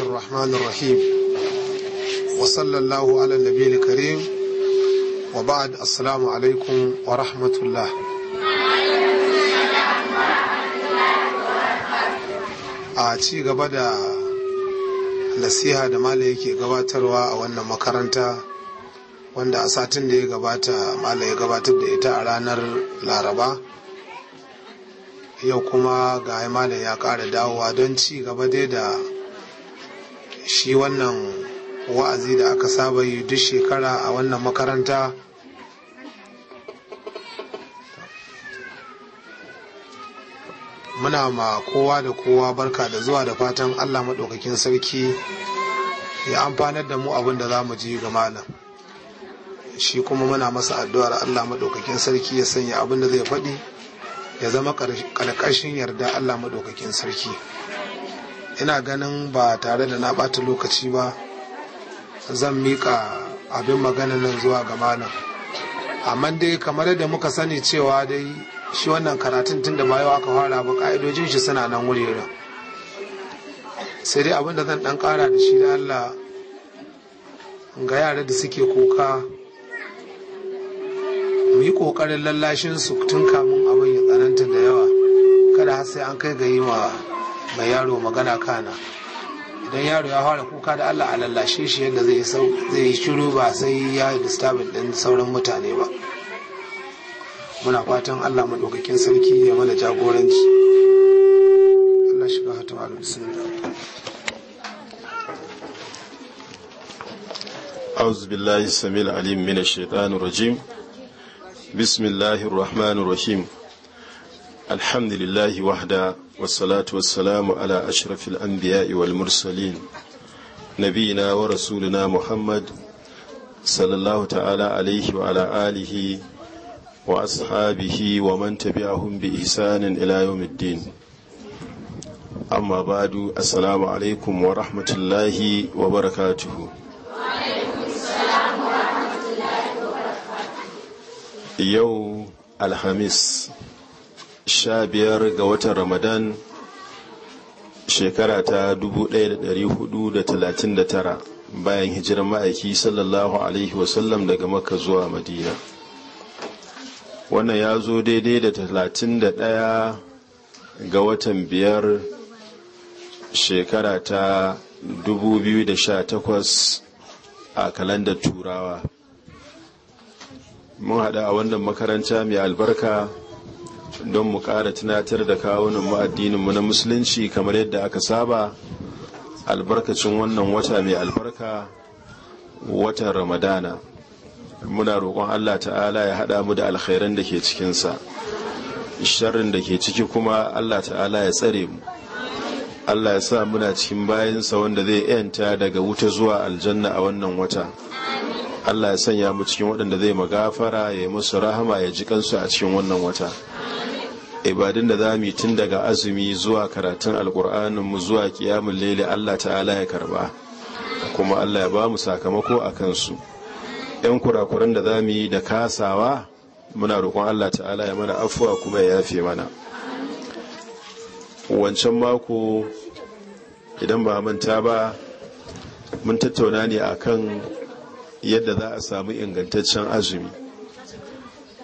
الله الرحمن الرحيم وصلى الله على النبي الكريم وبعد السلام عليكم ورحمة الله a ci gaba da nasiha da mala yake gabatarwa a wannan makaranta wanda a satin da ya gabata mala ya gabatar da ita a ranar laraba yau kuma ga mala ya ƙara dawowa don ci gaba dai da shi wannan wa'azi da aka saba yi duk shekara a wannan makaranta muna ma kowa da kowa barka da zuwa da fatan allah maɗaukakin sarki ya amfanar da mu abin da za mu ji ga malam shi kuma muna masa addu'ar allah maɗaukakin sarki ya sanya abin da zai faɗi ya zama ƙarƙashin yarda allah maɗaukakin sarki ina ganin ba tare da na bata lokaci ba zan miƙa abin magana nan zuwa ga nan. amma dai kamar yadda muka sani cewa dai shi wannan karatun tun da bayo aka fara ba ka'idojin shi suna nan wurera sai dai abin da zan dan kara da shi da Allah ga yara da suke kuka mu yi kokarin lallashin su tun kamun abin ya tsananta da yawa kada har sai an kai ga yi ma mai yaro magana kana idan yaro ya fara kuka da Allah a lallashe shi yadda zai yi shiru ba sai ya yi disturbing din sauran mutane ba muna fatan Allah maɗaukakin sarki ya mana jagoranci Allah shiga hatu alu bismillah أعوذ بالله السميع العليم من الشيطان الرجيم بسم الله الرحمن الرحيم الحمد لله وحده والصلاة والسلام على أشرف الأنبياء والمرسلين نبينا ورسولنا محمد صلى الله تعالى عليه وعلى آله وأصحابه ومن تبعهم بإحسان إلى يوم الدين أما بعد السلام عليكم ورحمة الله وبركاته يوم الخميس sha biyar ga watan ramadan shekara ta 1439 bayan hijirar ma'aiki sallallahu alaihi wasallam daga makka zuwa madina wannan ya zo daidai da 31 ga watan biyar shekara ta 2018 a kalandar turawa mun haɗu a wannan makaranta mai albarka don mu ƙara tunatar da kawunan mu addininmu na musulunci kamar yadda aka saba albarkacin wannan wata mai albarka watan ramadana muna roƙon allah ta'ala ya haɗa mu da alkhairan da ke cikinsa sharrin da ke ciki kuma allah ta'ala ya tsare mu allah ya sa muna cikin bayansa wanda zai yanta daga wuta zuwa aljanna a wannan wata allah ya sanya mu cikin waɗanda zai magafara ya yi musu rahama ya ji kansu a cikin wannan wata ibadun da za mu yi tun daga azumi zuwa karatun alkur'anin mu zuwa kiyamun lele Allah ta'ala ya karba kuma Allah ya ba mu sakamako a kansu yan kurakuran da za mu yi da kasawa muna roƙon Allah ta'ala ya mana afuwa kuma ya yafe mana wancan mako idan ba manta ba mun tattauna ne akan yadda za a samu ingantaccen azumi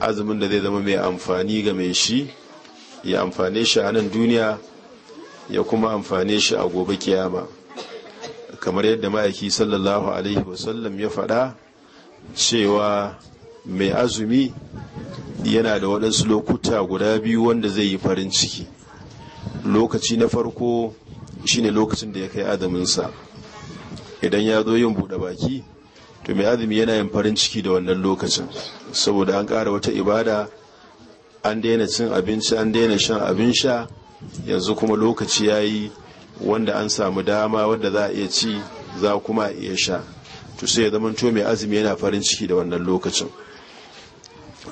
azumin da zai zama mai amfani ga mai shi ya amfane shi a nan duniya ya kuma amfane shi a gobe kiyama kamar yadda ma'aiki sallallahu alaihi wasallam ya faɗa cewa mai azumi yana da waɗansu lokuta guda biyu wanda zai yi farin ciki lokaci na farko shine lokacin da ya kai adaminsa idan ya zo yin buɗe baki to mai azumi yana yin farin ciki da wannan lokacin saboda an ƙara wata ibada an daina cin abinci an daina shan abin sha yanzu kuma lokaci ya yi wanda an samu dama wadda za a iya ci za kuma iya sha to sai ya to mai azumi yana farin ciki da wannan lokacin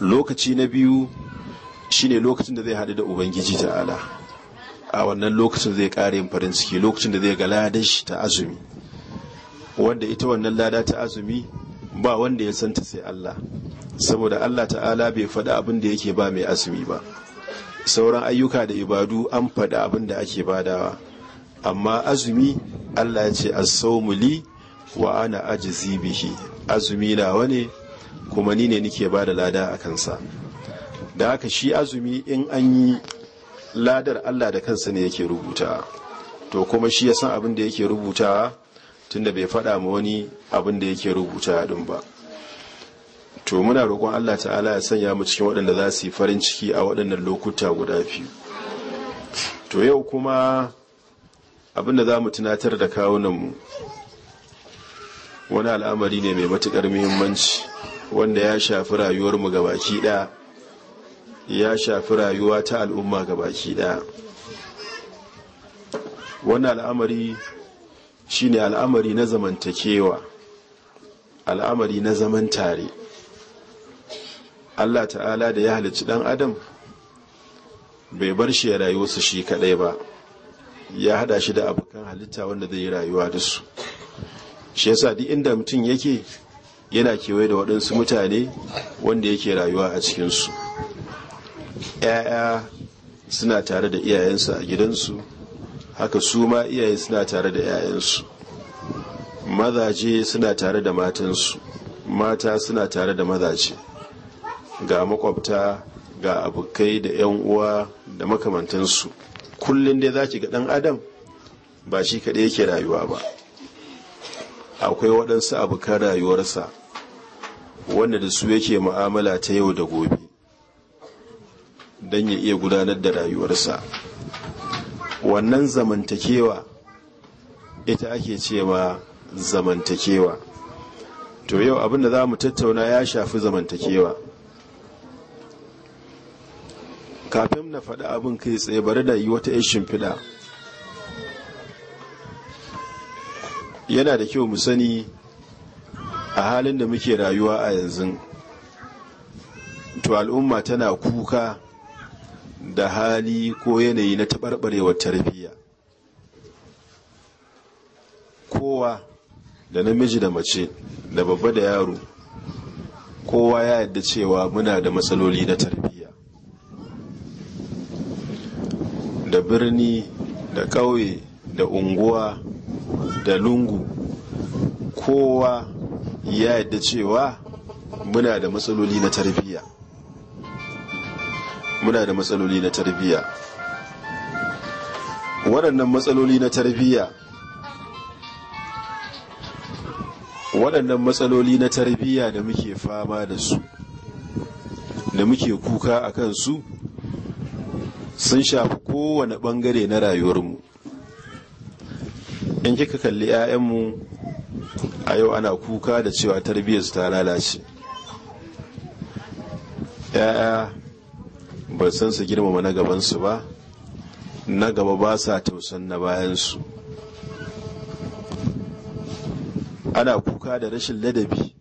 lokaci na biyu shine lokacin da zai haɗu da ubangiji ta'ala a wannan lokacin zai ƙara yin farin ciki lokacin da zai ga ladar shi ta azumi wanda ita wannan lada ta azumi ba wanda ya santa sai Allah saboda Allah ta'ala bai faɗi abin da yake ba mai azumi ba sauran ayyuka da ibadu an faɗi abin da ake badawa amma azumi Allah ya ce as-sawmu wa ana ajzi bihi azumi na wane kuma ni ne nake ba da lada a kansa da haka shi azumi in an yi ladar Allah da kansa ne yake rubuta to kuma shi ya san abin da yake rubutawa? tunda bai faɗa ma wani abin da yake rubuta haɗin ba to muna roƙon Allah ta'ala ya sanya mu cikin waɗanda za su yi farin ciki a waɗannan lokuta guda biyu to yau kuma abin da za mu tunatar da kawunan mu. wani al'amari ne mai matuƙar muhimmanci wanda ya shafi rayuwarmu ga baki ɗaya ya shafi rayuwa ta al'umma ga baki ɗaya wani al'amari shine al'amari na zamantakewa al'amari na zaman tare Allah ta'ala da ya halicci dan adam bai bar shi ya rayu su shi kadai ba ya hada shi da abokan halitta wanda zai yi rayuwa da su shi yasa duk inda mutum yake yana kewaye da waɗansu mutane wanda yake rayuwa a cikinsu ‘ya'ya suna tare da iyayensu a gidansu haka su ma iyaye suna tare da 'ya'yansu mazaje suna tare da matansu mata suna tare da mazaje ga makwabta ga abokai da 'yan uwa da makamantansu kullum dai za ki ga ɗan adam ba shi kaɗai yake rayuwa ba akwai waɗansu abokan rayuwarsa wanda da su yake mu'amala ta yau da gobe don ya iya gudanar da rayuwarsa wannan zamantakewa ita ake cewa zamantakewa to yau abinda za mu tattauna ya shafi zamantakewa kafin na faɗi abin kai tsaye bari da yi wata ishin shimfiɗa yana da kyau mu sani a halin da muke rayuwa a yanzu to al'umma tana kuka da hali ko yanayi na taɓarɓarewar tarbiyya kowa da namiji da mace da babba da yaro kowa ya yadda cewa muna da matsaloli na tarbiyya da birni da ƙauye da unguwa da lungu kowa ya yadda cewa muna da matsaloli na tarbiyya muna da matsaloli na tarbiyya waɗannan matsaloli na tarbiyya waɗannan matsaloli na tarbiyya da muke fama da su da muke kuka a kansu sun shafi kowane ɓangare na rayuwar mu. in kika kalli 'ya'yanmu a yau ana kuka da cewa tarbiyyarsu ta lalace 'ya'ya ba san su girmama na gabansu ba na gaba ba sa tausan na bayansu ana kuka da rashin ladabi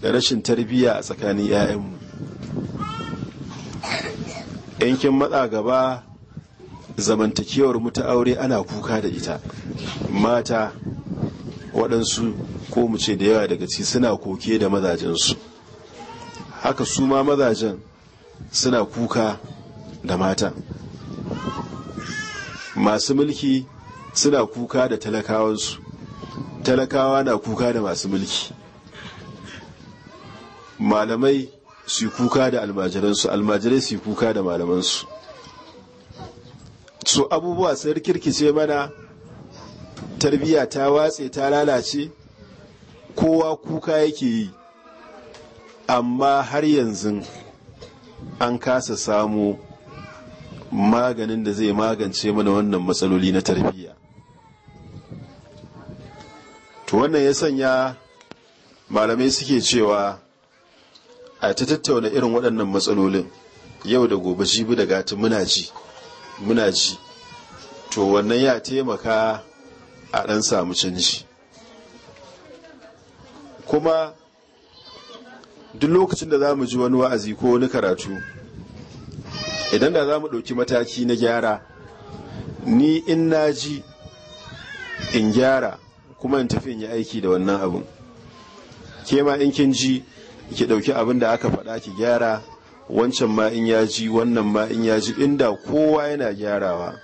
da rashin tarbiyya a tsakanin 'ya'yanmu yankin matsa gaba zamantakewar mu aure ana kuka da ita mata waɗansu ko mu ce da yawa daga ci suna koke da mazajensu haka su ma mazajen suna kuka da mata masu mulki suna kuka da talakawansu talakawa na kuka da masu mulki malamai su kuka da almajiransu almajirai su kuka da malamansu su abubuwa sun kirkice mana tarbiyya ta watse ta lalace kowa kuka yake yi amma har yanzu an kasa samu maganin da zai magance mana wannan matsaloli na tarbiyya to wannan ya sanya malamai suke cewa a ta tattauna irin waɗannan matsalolin yau da gobe jibi da gati muna ji muna ji to wannan ya taimaka a ɗan samu canji kuma duk lokacin da za mu ji wani wa'azi ko wani karatu idan da za mu ɗauki mataki na gyara ni in na ji in gyara kuma in tafi in yi aiki da wannan abin ke ma in kin ji ki ɗauki abin da aka faɗa ki gyara wancan ma in ya ji wannan ma in ya ji inda kowa yana gyarawa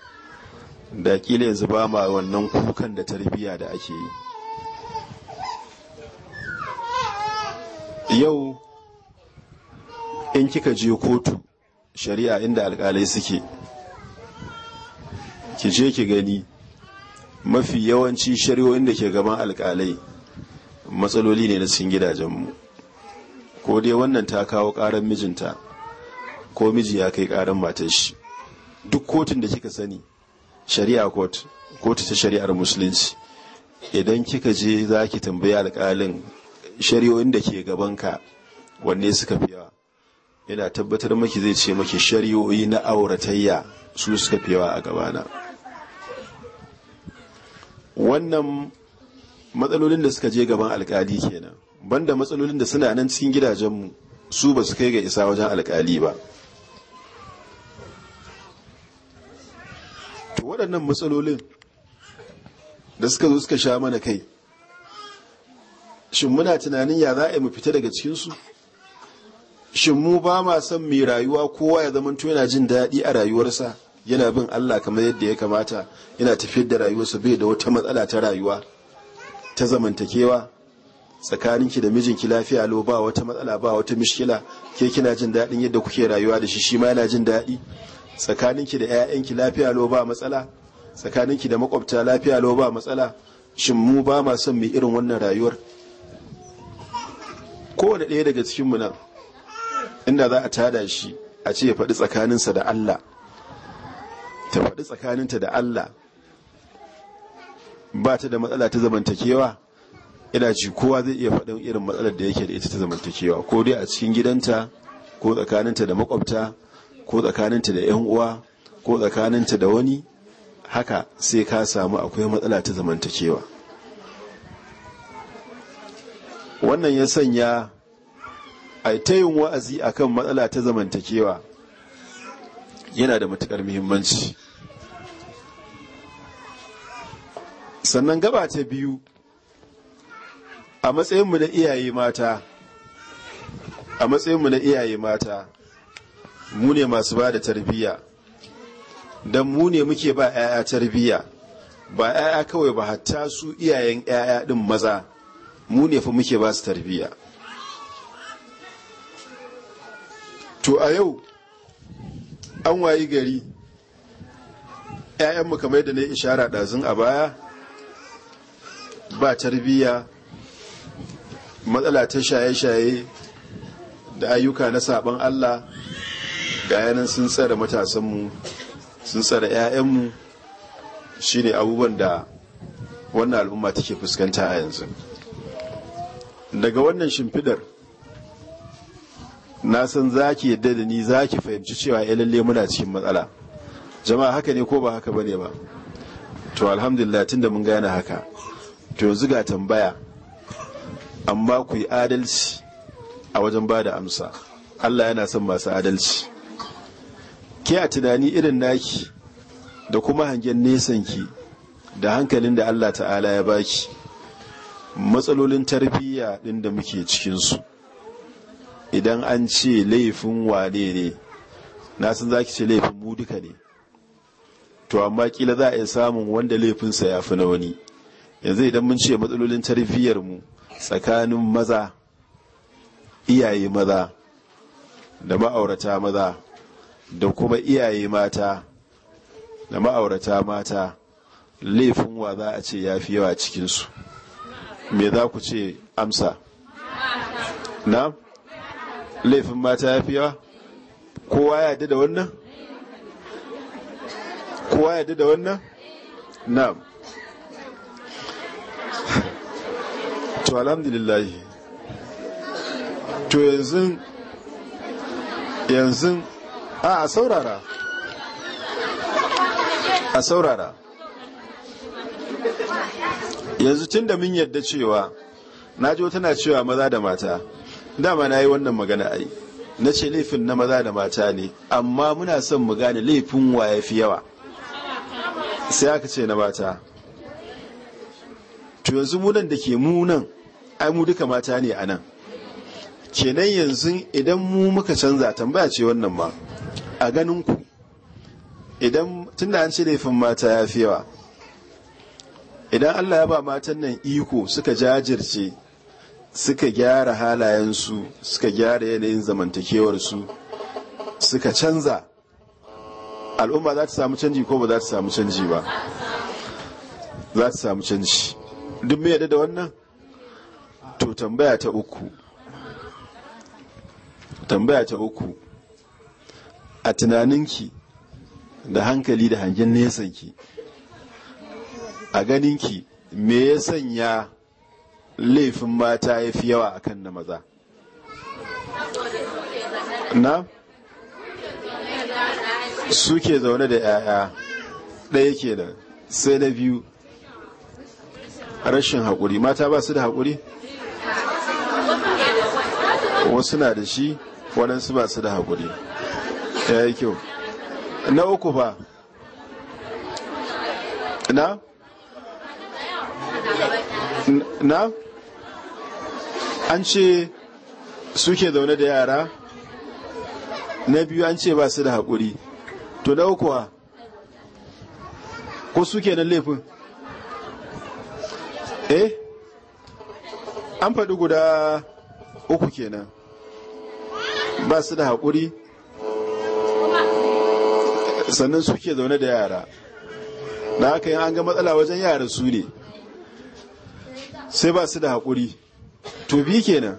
da ƙila yanzu ba ma wannan kukan da tarbiyya da ake yi yau in kika je kotu shari'a inda alkalai suke ki je ki gani mafi yawanci shari'o'in da ke gaban alkalai matsaloli ne na cikin gidajenmu ko dai wannan ta kawo karan mijinta ko miji ya kai karan matar shi duk kotun da kika sani shari'a court kotu ta shari'ar musulunci idan kika je za ki tambaya alkalin shari'o'in da ke gabanka wanne suka fi yawa yana tabbatar maki zai ce maki shari'o'i na auratayya su suka fi yawa a gabana wannan matsalolin da suka je gaban alkali kenan banda matsalolin da suna nan cikin gidajenmu su ba su kai ga isa wajen alkali ba to waɗannan matsalolin da suka zo suka sha mana kai shin muna tunanin ya za a mu fita daga cikinsu shin mu ba ma son mai rayuwa kowa ya zama yana jin daɗi a rayuwarsa yana bin Allah kamar yadda ya kamata yana tafiyar da rayuwarsa bai da wata matsala ta rayuwa ta zamantakewa tsakaninki da mijinki lafiya lo ba wata matsala ba wata mishkila ke kina jin daɗin yadda kuke rayuwa da shi shi ma yana jin daɗi tsakaninki da 'ya'yanki lafiya lo ba matsala tsakaninki da makwabta lafiya lo ba matsala shin mu ba ma son mu irin wannan rayuwar kowane ɗaya daga cikinmu nan inda za a tada shi a ce ya faɗi tsakaninsa da Allah ta faɗi tsakaninta da Allah ba ta da matsala ta zamantakewa ina ci kowa zai iya faɗin irin matsalar da yake da ita ta zamantakewa ko dai a cikin gidanta ko tsakaninta da makwabta ko tsakaninta da yan uwa ko tsakaninta da wani haka sai ka samu akwai matsala ta zamantakewa wannan ya sanya a ta yin wa'azi a kan matsala ta zamantakewa yana da matuƙar muhimmanci sannan gaba ta biyu a matsayinmu na iyaye mata a matsayinmu na iyaye mata mu ne masu ba da tarbiyya don mu ne muke ba 'ya'ya tarbiyya ba 'ya'ya kawai ba hatta su iyayen 'ya'ya ɗin maza mu ne fa muke ba su tarbiyya to a yau an wayi gari 'ya'yanmu kamar da na ishara ɗazun a baya ba tarbiyya matsala ta shaye-shaye da ayyuka na sabon Allah ga yanan sun tsare matasanmu sun tsare 'ya'yanmu shine abubuwan da wannan al'umma take fuskanta a yanzu. daga wannan shimfidar na san za ki yadda da ni za ki fahimci cewa ya eh, lalle muna cikin matsala jama'a haka ne ko ba haka bane ba to alhamdulillah da mun gane haka to yanzu ga tambaya amma ku yi adalci a wajen ba da amsa Allah yana son masu adalci ke a tunani irin naki da kuma hangen nesanki da hankalin da Allah ta'ala ya baki matsalolin tarbiyya ɗin da muke cikinsu idan an ce laifin wane ne na san za ki ce laifin mu duka ne to amma kila za a iya samun wanda laifinsa ya fi na wani yanzu idan mun ce matsalolin tarbiyyar mu tsakanin maza iyaye maza da ma'aurata maza da kuma iyaye mata da ma'aurata mata laifin wa za a ce ya fi yawa cikinsu me za ku ce amsa na laifin mata ya fiya. kowa ya da wannan kowa ya da wannan na to alhamdulillahi to yanzu yanzu a saurara a saurara yanzu tun da mun yadda cewa na ji tana cewa maza da mata dama na yi wannan magana a yi. na ce laifin na maza da mata ne amma muna son mu gane laifin wa ya fi yawa sai aka ce na mata to yanzu munan da ke munan ai mu duka mata ne a nan kenan yanzu idan mu muka canza tambaya ce wannan ma a ganin ku idan tunda an ce laifin mata ya fi yawa idan Allah ya ba matan nan iko suka jajirce suka gyara halayensu suka gyara yanayin zamantakewarsu suka canza al'umma za ta samu canji ko ba za ta samu canji ba za ta samu canji duk mai yadda da wannan to tambaya ta uku tambaya ta uku a tunaninki da hankali da hangen nesanki a ganinki me ya sanya laifin mata ya fi yawa a kan na maza na suke zaune da 'ya'ya ɗaya da sai na biyu rashin haƙuri mata ba su da haƙuri wasu na da shi waɗansu ba su da haƙuri ya yi kyau na uku ba na na an ce suke zaune da yara na biyu an ce ba su da haƙuri to da ukuwa ko suke nan laifin eh an faɗi guda uku kenan ba su da haƙuri sannan suke zaune da yara da haka yin an ga matsala wajen yara su ne sai ba su da haƙuri to bi kenan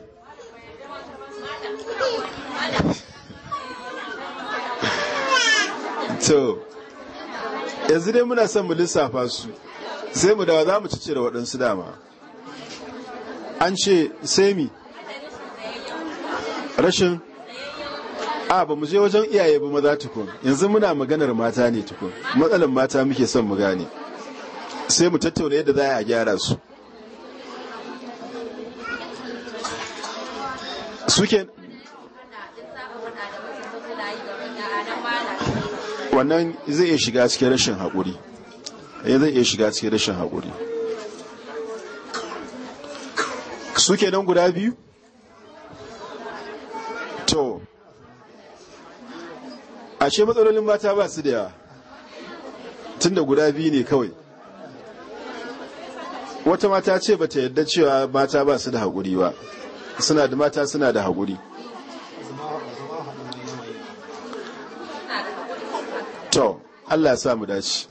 to yanzu dai muna son mu lissafa su sai mu dawa za mu ci da waɗansu dama an ce semi rashin a ba mu je wajen iyaye ba maza tukun yanzu muna maganar mata ne tukun matsalar mata muke son mu gane sai mu tattauna yadda za a gyara su suke wannan zai iya shiga cikin rashin haƙuri eh, zai iya shiga cikin rashin haƙuri suke nan guda biyu to ashe matsalolin mata ba su da yawa tun da guda biyu ne kawai wata mata ce ba ta yadda cewa mata ba su da haƙuri ba suna da mata suna da haƙuri to allah sa mu dace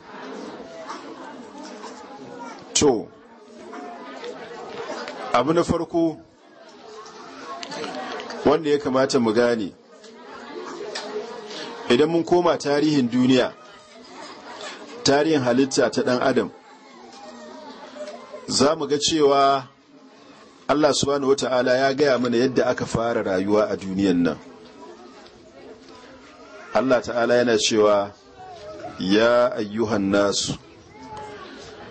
to abu na farko wanda ya kamata mu gane idan mun koma tarihin duniya tarihin halitta ta dan adam za mu ga cewa Allah subhanahu ya gaya mana yadda aka fara rayuwa a duniyan nan Allah ta'ala yana cewa ya ayyuhan nasu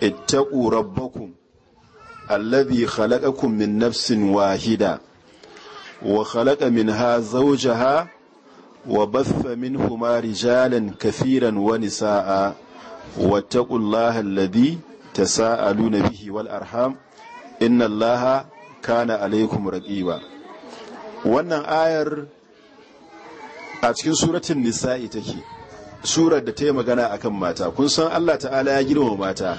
ittaqu rabbakum allazi khalaqakum min nafsin wahida wa khalaqa minha zawjaha wa batha minhuma rijalan kathiran wa nisaa wattaqullaha alladhi tasaaluna bihi wal arham inna allaha kana alaikum raqiba wannan ayar a cikin suratul nisa'i take surar da ta yi magana akan mata kun san Allah ta'ala ya girma mata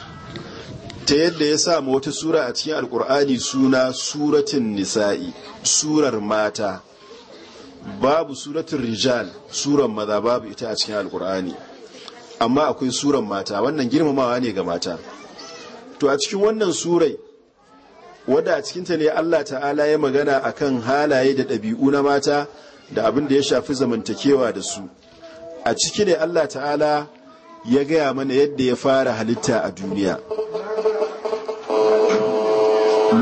ta yadda ya sa wata sura a cikin alkur'ani suna suratun nisa'i surar mata babu suratun rijal surar maza babu ita a cikin alkur'ani amma akwai surar mata wannan girmamawa ne ga mata to a cikin wannan surai wadda a cikinta ne Allah ta'ala ya magana a kan halaye da ɗabi'u na mata da abin da ya shafi zamantakewa da su a ciki ne Allah ta'ala ya gaya mana yadda ya fara halitta a duniya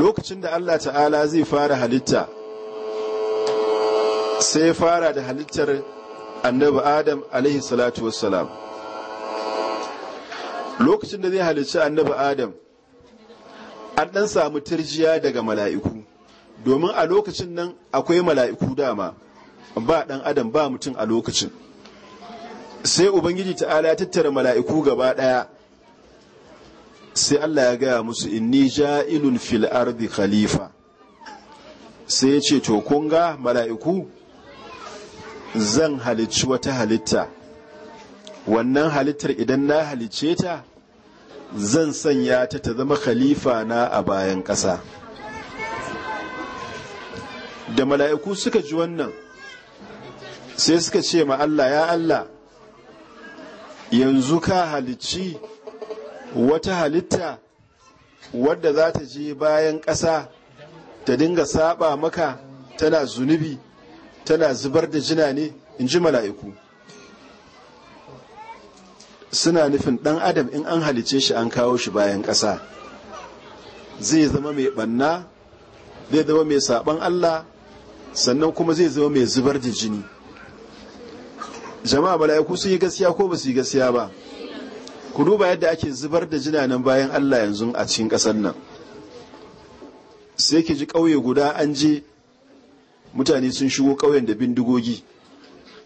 lokacin da Allah ta'ala zai fara halitta sai ya fara da halittar annabi adam alaihi salatu wassalam lokacin da zai halicci annabi adam an ɗan samu tirjiya daga mala'iku domin a lokacin nan akwai mala'iku dama ba ɗan adam ba mutum a lokacin sai ubangiji ta'ala ya tattara mala'iku gaba ɗaya sai Allah ya gaya musu inni ja'ilun fil ardi khalifa sai ya ce to kun ga mala'iku zan halicci wata halitta wannan halittar idan na halicce ta zan sanya ta ta zama khalifa na a bayan ƙasa da mala'iku suka ji wannan sai suka ce ma Allah ya Allah yanzu ka halicci wata halitta wadda za ta je bayan ƙasa ta dinga saba maka tana zunubi tana zubar da jina ne in ji mala'iku suna nufin ɗan adam in an halice shi an kawo shi bayan ƙasa zai zama mai ɓanna zai zama mai saɓan allah sannan kuma zai zama mai zubar da jini jama'a mala'iku sun yi gaskiya ko ba su yi gaskiya ba ku duba yadda ake zubar da nan bayan allah yanzu a cikin ƙasar nan sai ke ji ƙauye guda an je mutane sun shigo ƙauyen da bindigogi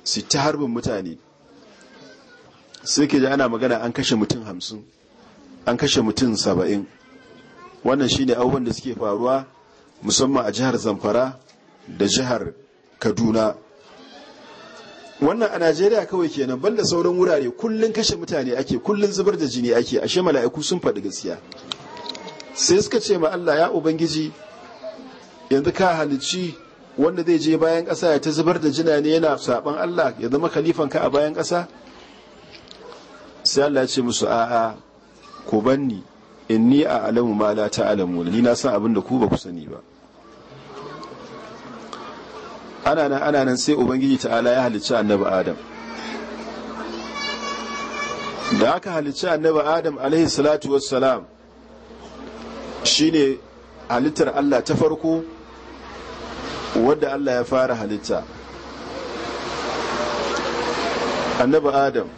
su ta harbin mutane sai ke ji ana magana an kashe mutum hamsin an kashe mutum saba'in wannan shine abubuwan da suke faruwa musamman a jihar zamfara da jihar kaduna wannan a najeriya kawai kenan banda sauran wurare kullun kashe mutane ake kullun zubar da jini ake ashe mala'iku sun faɗi gaskiya sai suka ce ma allah ya ubangiji yanzu ka halicci wanda zai je bayan ƙasa ya ta zubar da jina ne yana saɓan allah ya zama khalifan ka a bayan ƙasa sai Allah ya ce musu a'a ku banni inni a alamu ma la ta'lamu ni na san abin da ku ba ku sani ba ana nan ana nan sai ubangiji ta'ala ya halicci annabi adam da aka halicci annabi adam alaihi salatu wassalam shine halittar Allah ta farko wadda Allah ya fara halitta annabi adam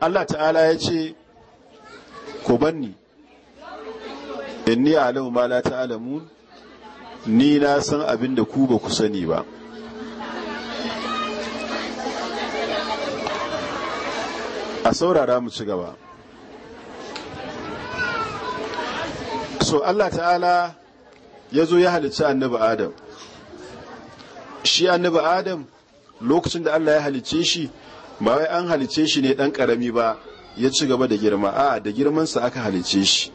Allah ta'ala ya ce ku banni Ni alamu ma la ta'alamu ni na san abin da ku ba ku sani ba a saurara mu ci gaba so Allah ta'ala ya zo ya halicci annabi adam shi annabi adam lokacin da Allah ya halicce shi ba wai an halice shi ne dan karami ba ya ci gaba da girma a da girmansa aka halice shi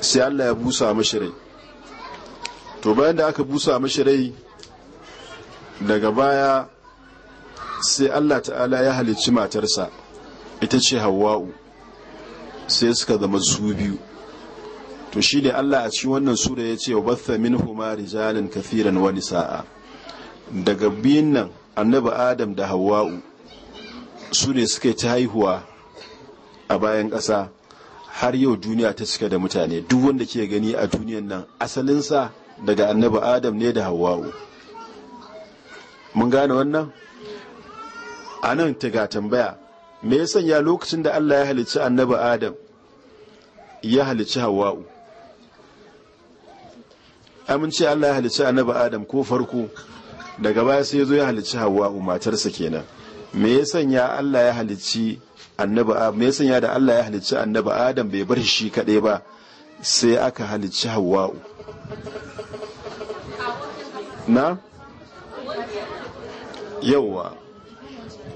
sai Allah ya busa mashi rai to bayan da aka busa mashi rai daga baya sai Allah ta'ala ya halicci matarsa ita ce hawa'u sai suka zama su biyu to shi ne Allah a cikin wannan sura ya ce wa batha min huma rijalan kafiran wani sa'a daga biyun nan annabi adam da hawa'u su ne suka ta haihuwa a bayan ƙasa har yau duniya ta cika da mutane duk wanda ke gani a duniyan nan asalinsa daga annabi adam ne da hawa'u mun gane wannan a nan ga tambaya me ya sanya lokacin da allah ya halicci annabi adam ya halicci hawa'u amince allah ya halicci annabi adam ko farko daga baya sai ya zo ya halicci hawa'u matarsa kenan me ya sanya Allah ya halicci annabi me ya sanya da Allah ya halicci annabi Adam bai bar shi kadai ba sai aka halicci Hawwa'u na yauwa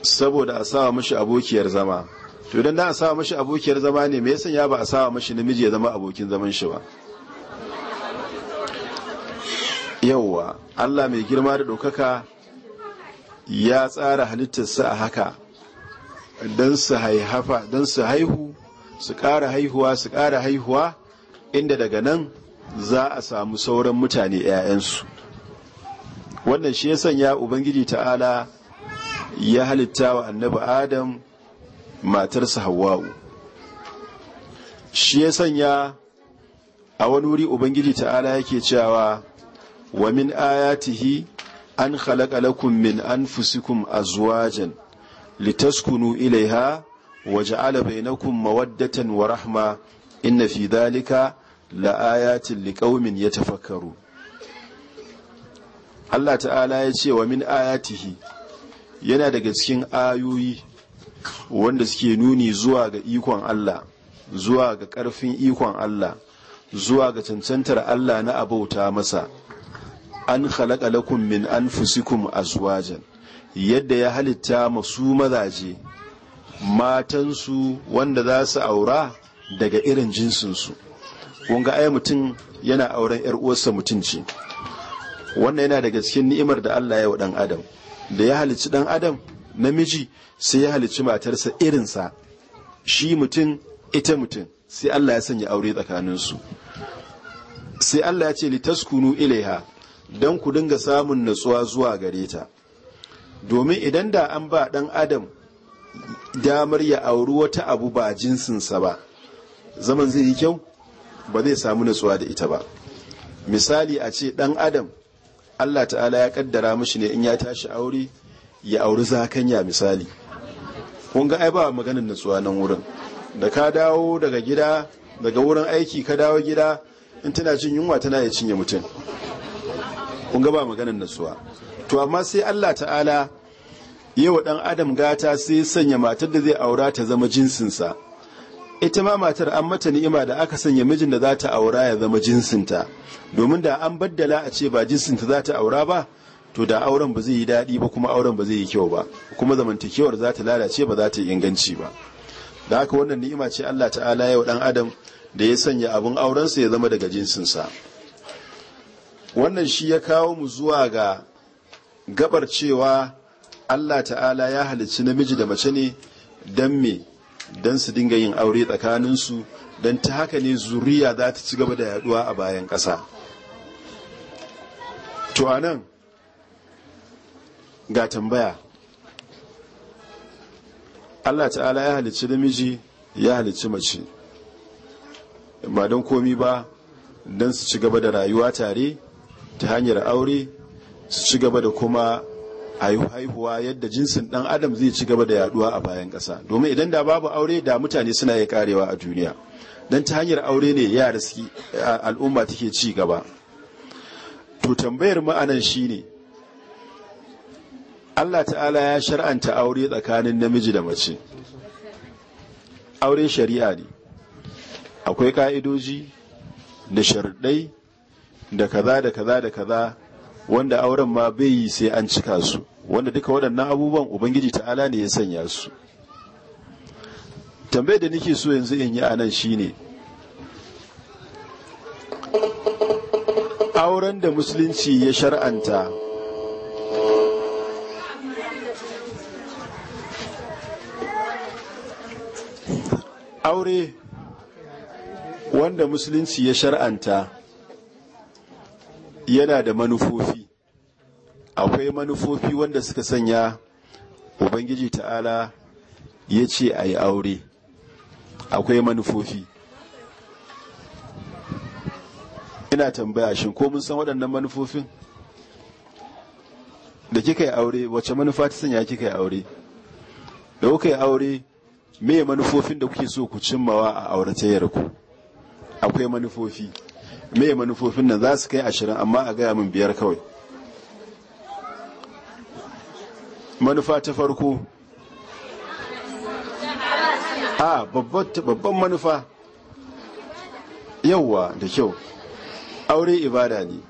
saboda a sawa mashi abokiyar zama to idan da a sawa mashi abokiyar zama ne me ya sanya ba a sawa mashi namiji ya zama abokin zaman shi ba yauwa Allah mai girma da ɗaukaka ya tsara halittarsa a haka don su haihu su ƙara haihuwa su ƙara haihuwa inda daga nan za a samu sauran mutane 'ya'yansu wannan shi ya sanya ubangiji ta'ala ya halitta wa annabi adam matarsa hawa'u shi ya sanya a wani wuri ubangiji ta'ala yake cewa wa min ayatihi an khalaqa lakum min anfusikum azwajan litaskunu ilaiha wa ja'ala bainakum mawaddatan wa rahma inna fi dhalika la'ayatin liqaumin yatafakkaru Allah ta'ala ya ce wa min ayatihi yana daga cikin ayoyi wanda suke nuni zuwa ga ikon Allah zuwa ga ƙarfin ikon Allah zuwa ga cancantar Allah na abauta masa an khalaqa lakum min anfusikum azwajan yadda ya halitta masu mazaje matansu wanda za su aura daga irin jinsinsu wanga ai mutum yana auren yar uwarsa mutum ce wannan yana daga cikin ni'imar da Allah ya wa dan adam da ya halicci dan adam namiji sai ya halicci matarsa irinsa shi mutum ita mutum sai Allah ya sanya aure tsakaninsu sai Allah ya ce litaskunu ilaiha don ku dinga samun natsuwa zuwa gare ta domin idan da an ba dan adam damar ya auri wata abu ba jinsinsa ba zaman zai yi kyau ba zai samu natsuwa da ita ba misali a ce ɗan adam allah ta'ala ya kaddara mashi ne in ya tashi aure ya auri zakanya misali kun ga ai ba maganin natsuwa nan wurin da ka dawo daga gida daga wurin aiki ka dawo gida in tana jin yunwa tana ya cinye mutum kun gaba ba maganar nasuwa to amma sai Allah ta'ala wa dan adam gata sai sanya matar da zai aura ta zama jinsinsa ita ma matar an mata ni'ima da aka sanya mijin da za ta aura ya zama jinsinta domin da an baddala a ce ba jinsinta za ta aura ba to da auren ba zai yi daɗi ba kuma auren ba zai yi kyau ba kuma zamantakewar za ta lalace ba za ta yi inganci ba da haka wannan ni'ima ce Allah ta'ala ya wa ɗan adam da ya sanya abin aurensa ya zama daga jinsinsa wannan shi ya kawo mu zuwa ga gabar cewa Allah ta'ala ya halicci namiji da mace ne don me don su dinga yin aure tsakaninsu don ta haka ne zuriya za ta ci gaba da yaduwa a bayan ƙasa to a nan ga tambaya Allah ta'ala ya halicci namiji ya halicci mace ba don komi ba don su ci gaba da rayuwa tare ta hanyar aure su ci gaba da kuma haihuwa yadda jinsin dan adam zai ci gaba da yaduwa a bayan ƙasa domin idan da babu aure da mutane suna yi karewa a duniya don ta hanyar aure ne yara al'umma take ci gaba to tambayar ma'anan shine Allah ta'ala ya shar'anta aure tsakanin namiji da mace aure shari'a ne akwai ka'idoji da sharɗai da kaza da kaza da kaza wanda auren ma bai yi sai an cika su wanda duka waɗannan abubuwan ubangiji ta'ala ne ya sanya su tambayar da nake so yanzu in yi a nan shine auren da musulunci ya shar'anta aure wanda musulunci ya shar'anta yana da manufofi akwai manufofi wanda suka sanya ubangiji ta'ala ya ce a yi aure akwai manufofi ina tambaya shi ko mun san waɗannan manufofin da kika yi aure wacce manufa ta sanya kika yi aure da kuka yi aure me manufofin da kuke so ku cimmawa a auratayyar akwai manufofi me manufofin nan za su kai ashirin amma a gaya min biyar kawai manufa ta farko a babban manufa yauwa da kyau aure ibada ne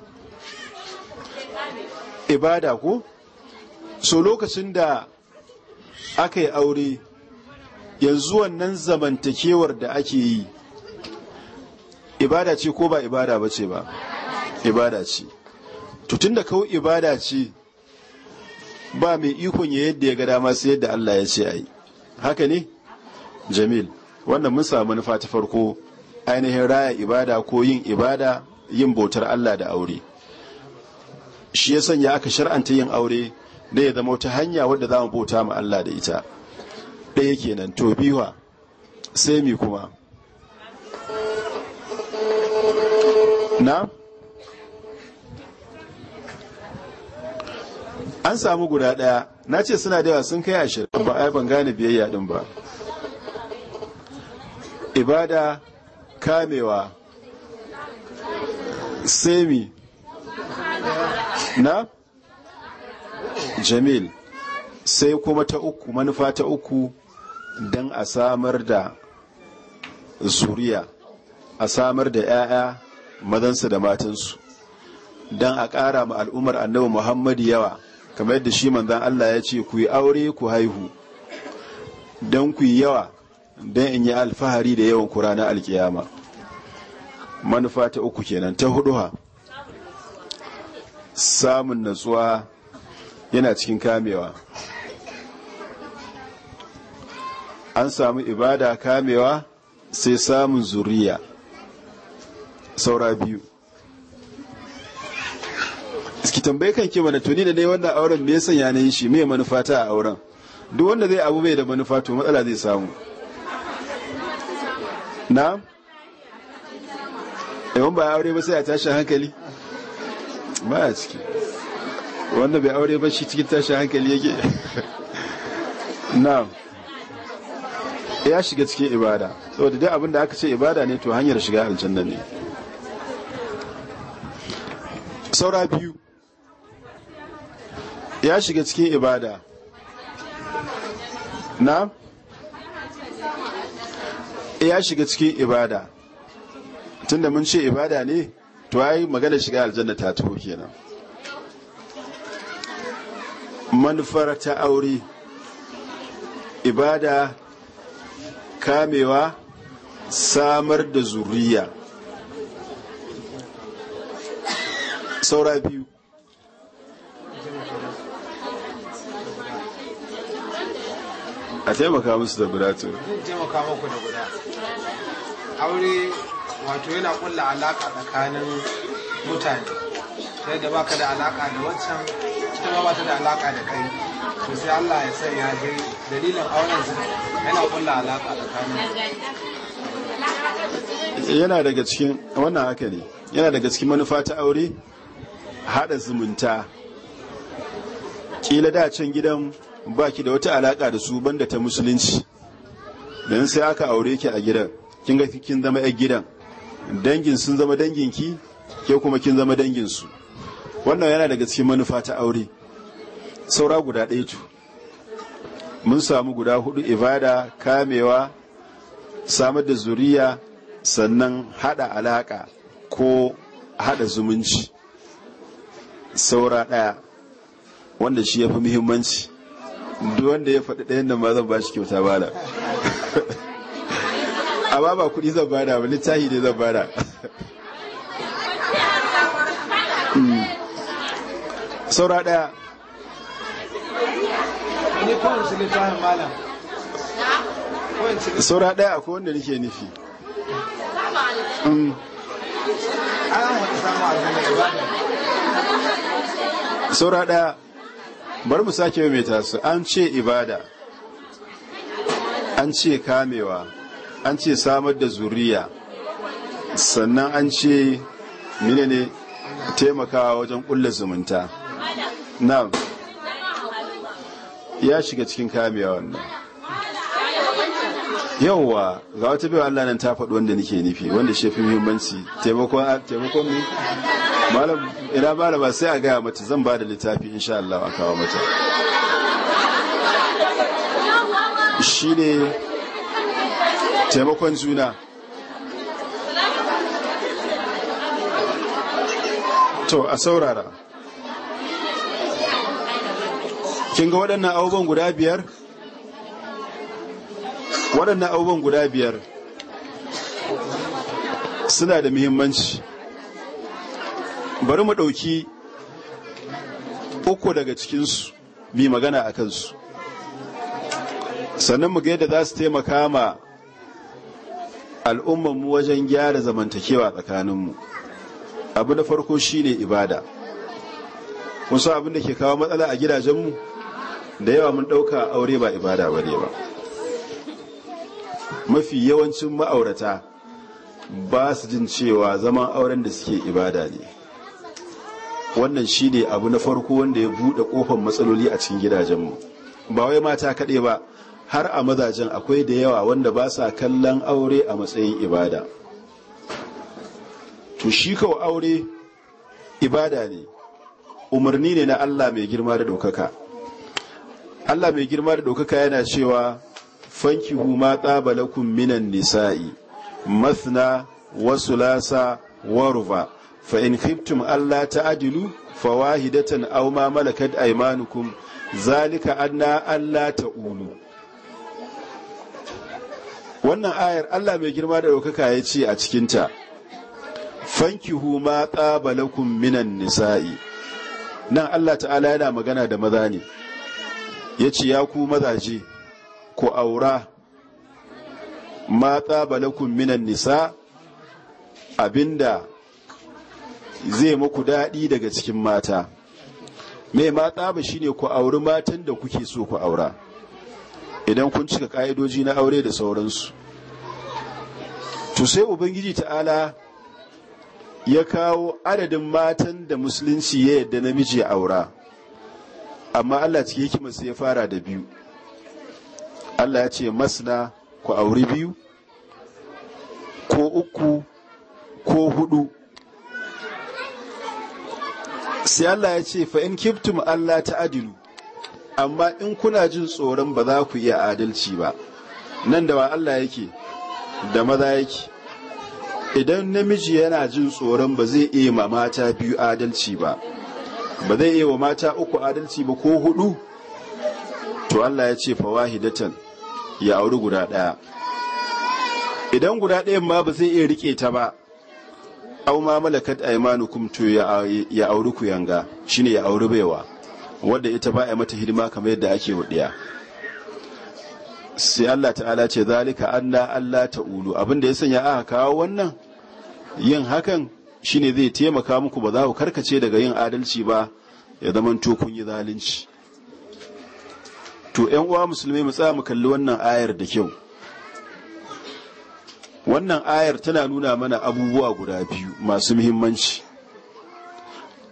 ibada ko so lokacin da aka yi aure yanzu wannan zamantakewar da ake yi ibada ce ko ba ibada ba ce ba ibada ce to da kawo ibada ce ba mai ikon ya yadda ya ga dama sai yadda Allah ya ce a yi. haka ne jamil wannan mun samu manufa ta farko ainihin raya ibada ko yin ibada yin bautar Allah da aure shi ya sanya aka shar'anta yin aure da ya zama wata hanya wadda za mu bauta ma Allah da ita ɗaya kenan to biwa sai mi kuma na an samu guda ɗaya, na ce suna da yawa sun kai ashirin ba ai ban gane biyayya din ba ibada kamewa semi na jamil sai kuma ta uku manufa ta uku don a samar da zuriya a samar da 'ya'ya Mazansa da matansu don a ƙara ma al'ummar annabi muhammadu yawa kamar yadda shi manzan Allah ya ce ku yi aure ku haihu don ku yi yawa don in yi alfahari da yawan ku ranar alkiyama manufa ta uku kenan ta hudu samun natsuwa yana cikin kamewa an samu ibada kamewa sai samun zuriya saura biyu ki tambaye kan ke mana tuni da ne wannan auren me yasan ya yi shi me manufa ta a auren duk wanda zai abu bai da manufa to matsala zai samu na yawan ba aure ba sai a tashi hankali ba a ciki wanda bai aure ba shi cikin tashin hankali yake na ya shiga cikin ibada saboda dai abin da aka ce ibada ne to hanyar shiga aljanna ne saura biyu ya shiga cikin ibada na ya shiga cikin ibada tunda mun ce ibada ne to ai magana shiga aljanna ta taho kenan manufar ta aure ibada kamewa samar da zuriya saura biyu a taimaka musu da guda to taimaka muku da guda aure wato yana kulla alaka tsakanin mutane sai da baka da alaka da waccan ita ba ta da alaka da kai to sai Allah ya ya dai dalilin auren yana kulla alaka tsakanin yana daga cikin wannan haka ne yana daga cikin manufa ta aure haɗa zumunta kila da can gidan baki da wata alaka da su banda ta musulunci don sai aka aure ki a gidan kin ga kin zama 'yan gidan dangin sun zama dangin ki ke kuma kin zama dangin su wannan yana daga cikin manufa ta aure saura guda ɗaya tu mun samu guda hudu ibada kamewa samar da zuriya sannan hada alaka ko hada zumunci saura ɗaya wanda shi ya fi muhimmanci duk wanda ya faɗi ɗayan da ma zan ba shi kyauta da amma ba kuɗi zan bada ba littafi ne zan bada saura ɗaya saura ɗaya a wanda nake nufi saura ɗaya bar mu sake maimaita su an ce ibada an ce kamewa an ce samar da zuriya sannan an ce mine ne taimakawa wajen ƙulla zumunta na ya shiga cikin kamewa wannan yauwa ga wata baiwa Allah nan ta faɗi wanda nake nufi wanda shi fi muhimmanci taimakon ne malam ina bara ba sai a gaya mata zan ba da littafi insha Allah a kawo mata ne taimakon juna to a saurara kin ga waɗannan abubuwan guda biyar waɗannan abubuwan guda biyar suna da muhimmanci bari mu ɗauki uku daga cikinsu bi magana a kansu sannan mu ga yadda za su taimaka ma al'ummanmu wajen gyara zamantakewa tsakaninmu abu na farko shine ibada wasu abin da ke kawo matsala a gidajenmu da yawa mun ɗauka aure ba ibada ba ne ba mafi yawancin ma'aurata ba su jin cewa zaman auren da suke ibada ne wannan shi ne abu na farko wanda ya buɗe kofar matsaloli a cikin gidajenmu ba wai mata kaɗai ba har a mazajen akwai da yawa wanda ba sa kallon aure a matsayin ibada to shi kawai aure ibada ne umarni ne na Allah mai girma da ɗaukaka Allah mai girma da ɗaukaka yana cewa fankihu ma tsabalakum minan nisa'i masna wasu lasa warva fa in khiftum alla ta'dilu fawahidatan aw ma malakat aymanukum zalika anna alla ta'ulu wannan ayar Allah mai girma da ɗaukaka ya ce a cikinta fankihu ma ƙabalakun minan nisa'i nan Allah ta'ala yana magana da maza ne ya ce ya ku mazaje ku aura ma ƙabalakun minan nisa abinda zai muku daɗi daga cikin mata mai mata ba shine ku auri matan da kuke so ku aura idan kun cika ka'idoji na aure da sauransu to ubangiji ta'ala ya kawo adadin matan da musulunci ya yadda namiji ya aura amma Allah cikin hikimarsa ya fara da biyu Allah ya ce masna ku auri biyu ko uku ko hudu sai Allah ya ce fa in kiftum Allah ta adilu amma in kuna jin tsoron ba za ku iya adalci ba nan da ba Allah yake da maza yake idan namiji yana jin tsoron ba zai iya ma mata biyu adalci ba ba zai iya wa mata uku adalci ba ko hudu to Allah ya ce fa wahidatan ya auri guda daya idan guda ɗayan ma ba zai iya rike ta ba au ma malakat aymanukum to ya auri ku yanga shine ya auri baiwa wadda ita ba a mata hidima kamar yadda ake wudiya sai Allah ta'ala ce zalika anna Allah ta'ulu da ya sanya aka kawo wannan yin hakan shine zai taimaka muku ba za ku karkace daga yin adalci ba ya zama to kun yi zalunci to ƴan uwa musulmai mu tsaya mu kalli wannan ayar da kyau wannan ayar tana nuna mana abubuwa guda biyu masu muhimmanci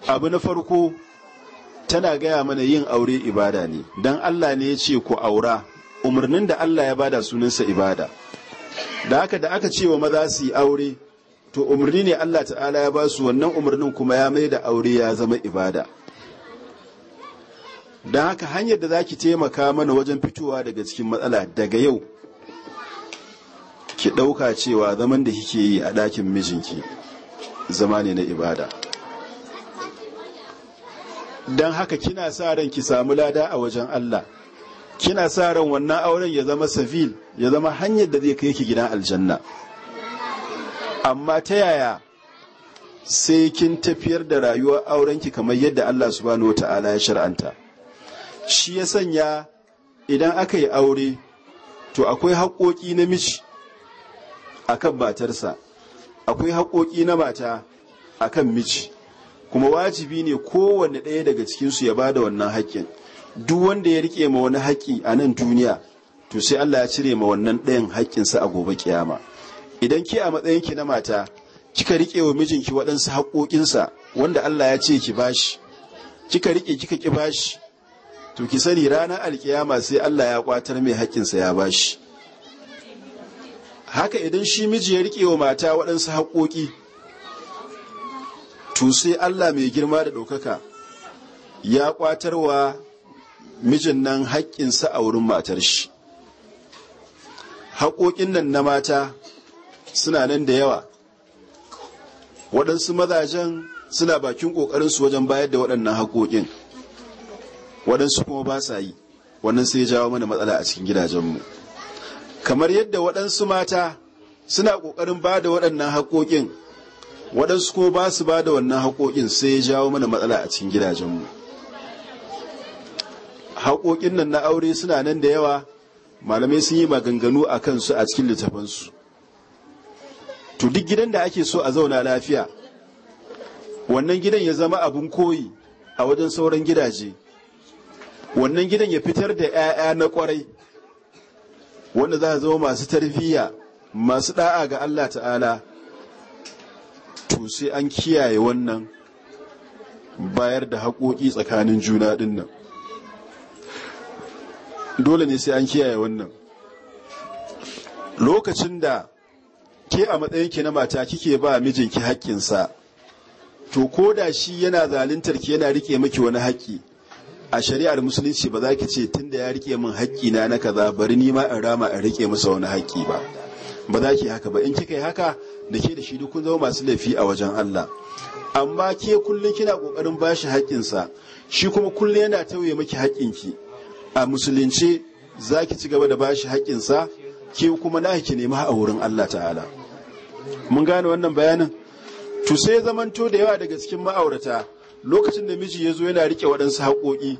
abu na farko tana gaya mana yin aure ibada ne don allah ne ya ce ku aura umarnin da allah ya bada sunansa ibada da haka da aka ce wa maza su yi aure to umarni ne allah ta'ala ya ba su wannan umarnin kuma ya mai da aure ya zama ibada don haka hanyar da za ki taimaka mana wajen fitowa daga cikin matsala daga yau ki ɗauka cewa zaman da kike yi a ɗakin mijinki zama ne na ibada don haka kina sa ran ki samu lada a wajen Allah kina sa ran wannan auren ya zama sabil ya zama hanyar da zai kai ki gidan aljanna amma ta yaya sai kin tafiyar da rayuwar aurenki kamar yadda Allah subhanahu wata'ala ya shar'anta shi ya sanya idan aka yi aure to akwai haƙoƙi na miji akan batarsa akwai haƙoƙi na mata akan miji kuma wajibi ne kowanne ɗaya daga cikinsu ya bada wannan haƙƙin duk wanda ya riƙe ma wani haƙƙi a nan duniya to sai Allah ya cire ma wannan ɗayan haƙƙinsa a gobe kiyama idan ki a matsayinki na mata kika riƙe wa mijinki waɗansu haƙoƙinsa wanda Allah ya ce ki bashi kika riƙe kika ki bashi to ki sani ranar alkiyama sai Allah ya kwatar mai haƙƙinsa ya bashi haka idan shi miji ya rike wa mata waɗansu haƙoƙi to sai Allah mai girma da ɗaukaka ya ƙwatarwa mijin nan haƙƙinsa a wurin matar shi haƙoƙin nan na mata suna nan da yawa waɗansu mazajen suna bakin ƙoƙarinsu wajen bayar da waɗannan haƙoƙin waɗansu kuma ba sa yi wannan sai ya jawo mana matsala a cikin gidajenmu kamar yadda waɗansu mata suna ƙoƙarin ba da waɗannan haƙoƙin waɗansu ko ba su ba da wannan haƙoƙin sai ya jawo mana matsala a cikin gidajenmu haƙoƙin nan na aure suna nan da yawa malamai sun yi maganganu a kansu a cikin littafansu to duk gidan da ake so a zauna lafiya wannan gidan ya zama abin koyi a wajen sauran gidaje wannan gidan ya fitar da 'ya'ya na kwarai wanda za a zama masu tarbiyya masu da'a ga Allah ta'ala to sai an kiyaye wannan bayar da haƙoƙi tsakanin juna ɗin nan dole ne sai an kiyaye wannan lokacin da ke a matsayinki na mata kike ba mijinki haƙƙinsa to ko da shi yana zaluntar ki yana rike miki wani haƙƙi a shari'ar musulunci ba za ki ce tun da ya rike min haƙƙi na na kaza bari ni ma in rama in rike masa wani haƙƙi ba ba za ki haka ba in kika yi haka da ke da shi duk kun zama masu laifi a wajen Allah amma ke kullum kina kokarin bashi haƙƙinsa shi kuma kullum yana tauye maki haƙƙinki a musulunci za ki ci gaba da bashi haƙƙinsa ke kuma na ki nema a wurin Allah ta'ala mun gane wannan bayanin to sai zamanto da yawa daga cikin ma'aurata lokacin da miji ya zo yana rike waɗansu haƙoƙi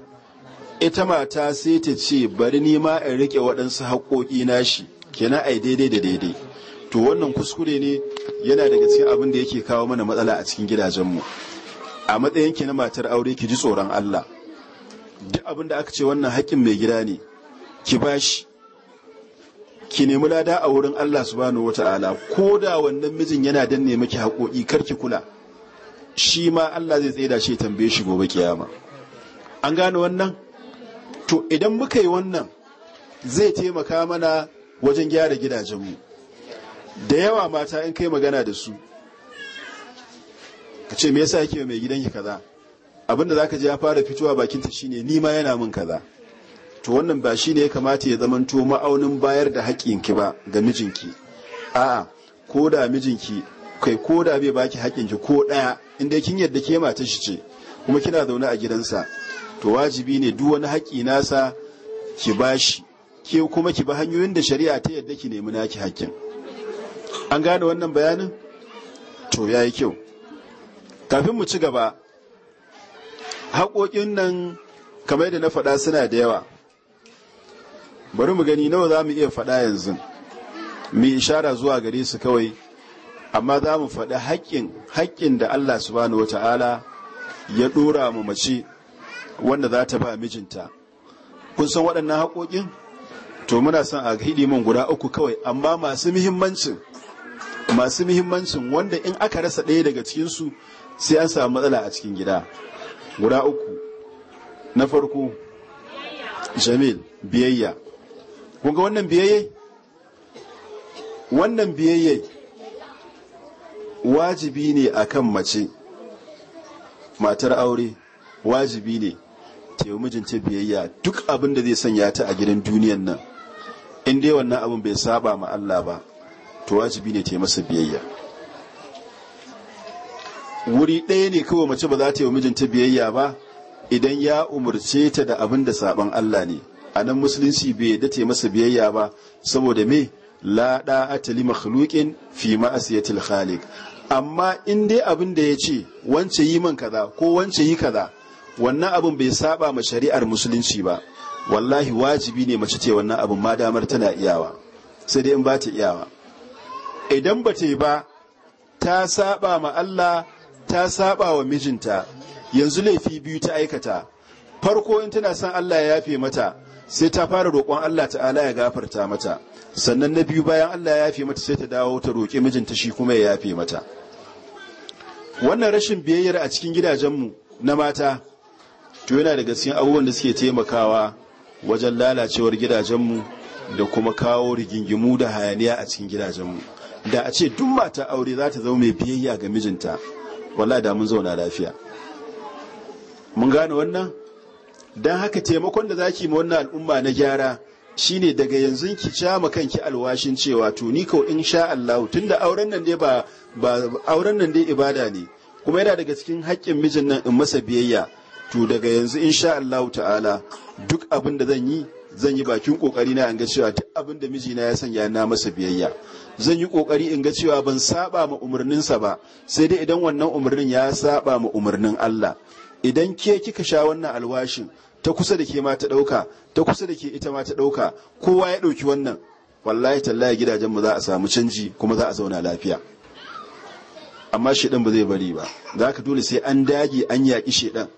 ita mata sai ta ce bari ni ma in rike waɗansu haƙoƙi na shi kenan ai daidai da daidai to wannan kuskure ne yana daga cikin abin da yake kawo mana matsala a cikin gidajenmu a matsayin ki na matar aure ki ji tsoron Allah duk abin da aka ce wannan haƙƙin mai gida ne ki bashi ki nemi lada a wurin Allah subhanahu wata'ala ko da wannan mijin yana danne miki haƙoƙi kar ki kula shi ma Allah zai tsaye da shi tambaye shi gobe kiyama an gane wannan to idan muka yi wannan zai taimaka mana wajen gyara gidajenmu da yawa mata in kai magana da su ka ce me yasa yake mai gidan gidanki kaza abinda zaka ji ya fara fitowa bakinta shine ni ma yana min kaza to wannan ba shine ya kamata ya zamanto ma'aunin bayar da haƙƙinki ba ga mijinki a'a ko da mijinki kai ko da bai baki haƙƙin ki ko ɗaya in inda kin yadda ke mata shi ce kuma kina zaune a gidansa to wajibi ne duk wani haƙƙi nasa ki bashi ke kuma ki bi hanyoyin da shari'a ta yadda ki nemi naki haƙƙin an gane wannan bayanin to yayi kyau kafin mu ci gaba haƙoƙin nan kamar da na faɗa suna da yawa bari mu gani nawa za mu iya faɗa yanzu mu ishara zuwa gare su kawai amma za mu faɗi haƙƙin da Allah subhanahu wata'ala ya ɗora mu mace wanda za ta ba mijinta kun san waɗannan haƙoƙin to muna son a hidi man guda uku kawai amma masu muhimmancin masu muhimmancin wanda in aka rasa ɗaya daga cikinsu sai an samu matsala a cikin gida guda uku na farko jamil biyayya kun ga wannan biyayya wannan biyayya wajibi ne akan mace matar aure wajibi ne tewa mijinta biyayya duk abin da zai sanya ta a gidan duniyan nan inda wannan abin bai saba ma Allah ba to wajibi ne ta masa biyayya wuri ɗaya ne kawai mace ba za ta yi wa mijinta biyayya ba idan ya umarce ta da abin da saban Allah ne a nan musulunci bai yadda ta masa biyayya ba saboda me la da'ata li fi ma'asiyatil khaliq amma in dai abin da ya ce wance yi man kaza ko wance yi kaza wannan abin bai saba ma shari'ar musulunci ba wallahi wajibi ne mace ce wannan abin ma damar tana iyawa sai dai in ba ta iyawa idan ba ta yi ba ta saba ma Allah ta saba wa mijinta yanzu laifi biyu ta aikata farko in tana son Allah ya yafe mata sai ta fara roƙon Allah ta'ala ya gafarta mata sannan na biyu bayan Allah ya yafe mata sai ta dawo ta roƙi mijinta shi kuma ya yafe mata wannan rashin biyayyar a cikin gidajenmu na mata to yana daga cikin abubuwan da suke taimakawa wajen lalacewar gidajenmu da kuma kawo rigingimu da hayaniya a cikin gidajenmu da a ce duk mata aure za ta zama mai biyayya ga mijinta wallahi da mun zauna lafiya mun gane wannan don haka taimakon da za ki ma wannan al'umma na gyara shine daga yanzu ki ja ma kanki alwashin cewa to ni ko insha Allah da auren nan dai ba auren nan dai ibada ne kuma yana daga cikin haƙƙin mijin nan in masa biyayya to daga yanzu insha Allah ta'ala duk abin da zan yi zan yi bakin kokari na in ga cewa duk abin da mijina ya sanya na masa biyayya zan yi kokari in ga cewa ban saba ma umarninsa ba sai dai idan wannan umarnin ya saba ma umarnin Allah idan ke kika sha wannan alwashin ta kusa da ke ma ta ɗauka ta kusa da ke ita ma ta ɗauka kowa ya ɗauki wannan wallahi tallahi gidajenmu za a samu canji kuma za a zauna lafiya amma shedan ba zai bari ba za ka dole sai an dage an yaƙi shedan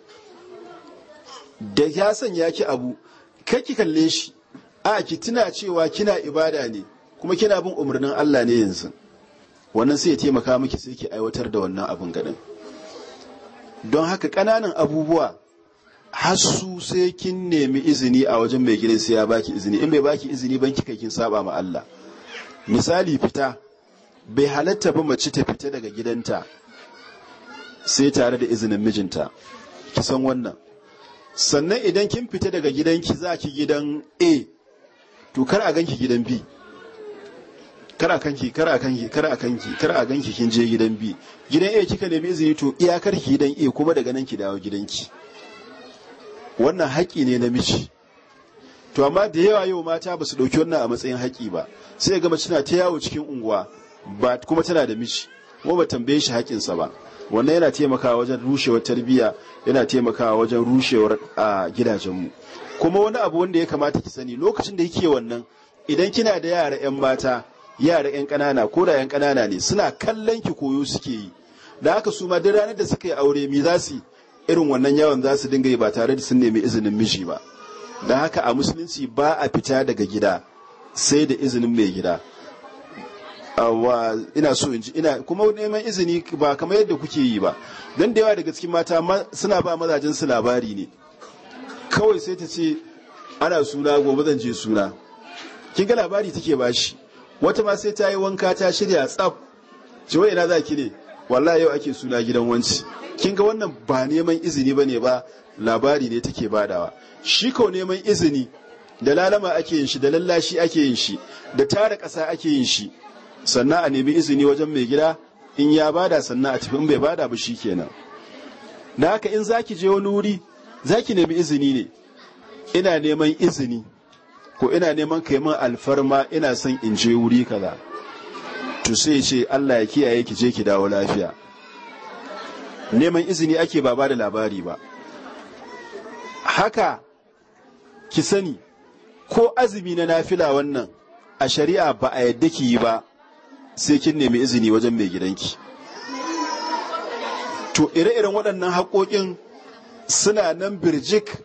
da ya sanya ki abu ki kalle shi a ki tuna cewa kina ibada ne kuma kina bin umarnin Allah ne yanzu wannan sai ya taimaka miki sai ki aiwatar da wannan abin gaɗin. don haka ƙananan abubuwa hassu sai kin nemi izini a wajen mai gidan sai ya baki izini in bai baki izini ban kika kin saba ma Allah misali fita bai halatta ba mace ta fita daga gidanta sai tare da izinin mijinta ki san wannan sannan idan kin fita daga gidanki za ki gidan A to kar a ganki gidan B kar a kanki kar a kanki kar a kanki kar a ganki kin je gidan bi gidan a kika nemi izini to iyakar ki gidan a kuma daga nan ki dawo gidan ki. wannan haƙƙi ne na miji to amma da yawa yau mata ba su ɗauki wannan a matsayin haƙƙi ba sai ga mace tana ta yawo cikin unguwa ba kuma tana da miji kuma ba tambaye shi haƙƙinsa ba wannan yana taimakawa wajen rushewar tarbiyya yana taimakawa wajen rushewar a mu. kuma wani abu wanda ya kamata ki sani lokacin da kike wannan idan kina da yara 'yan mata yara yan ƙanana ko da yan ƙanana ne suna kallon ki koyo suke yi da haka su ma duk ranar da suka yi aure mi za su irin wannan yawan za su dinga yi ba tare da sun nemi izinin miji ba da haka a musulunci ba a fita daga gida sai da izinin mai gida awa ina so in ji ina kuma neman izini ba kamar yadda kuke yi ba dan da yawa daga cikin mata suna ba mazajen su labari ne kawai sai ta ce ana suna gobe zan je suna kin ga labari take bashi wata ma sai ta yi wanka ta shirya tsaf ce wai ina za ki ne wallahi yau ake suna gidan wanci kin ga wannan ba neman izini ba ne ba labari ne take badawa shi ko neman izini da lalama ake yin shi da lallashi ake yin shi da tara ƙasa ake yin shi sannan a nemi izini wajen mai gida in ya bada sannan a tafi in bai bada ba shikenan da haka in zaki je wani wuri zaki nemi izini ne ina neman izini ko ina neman ka yi min alfarma ina son in je wuri kaza to sai ce Allah ya kiyaye ki je ki dawo lafiya neman izini ake ba ba da labari ba haka ki sani ko azumi na nafila wannan a shari'a ba a yadda ki yi ba sai kin nemi izini wajen mai gidanki to ire-iren waɗannan haƙoƙin suna nan birjik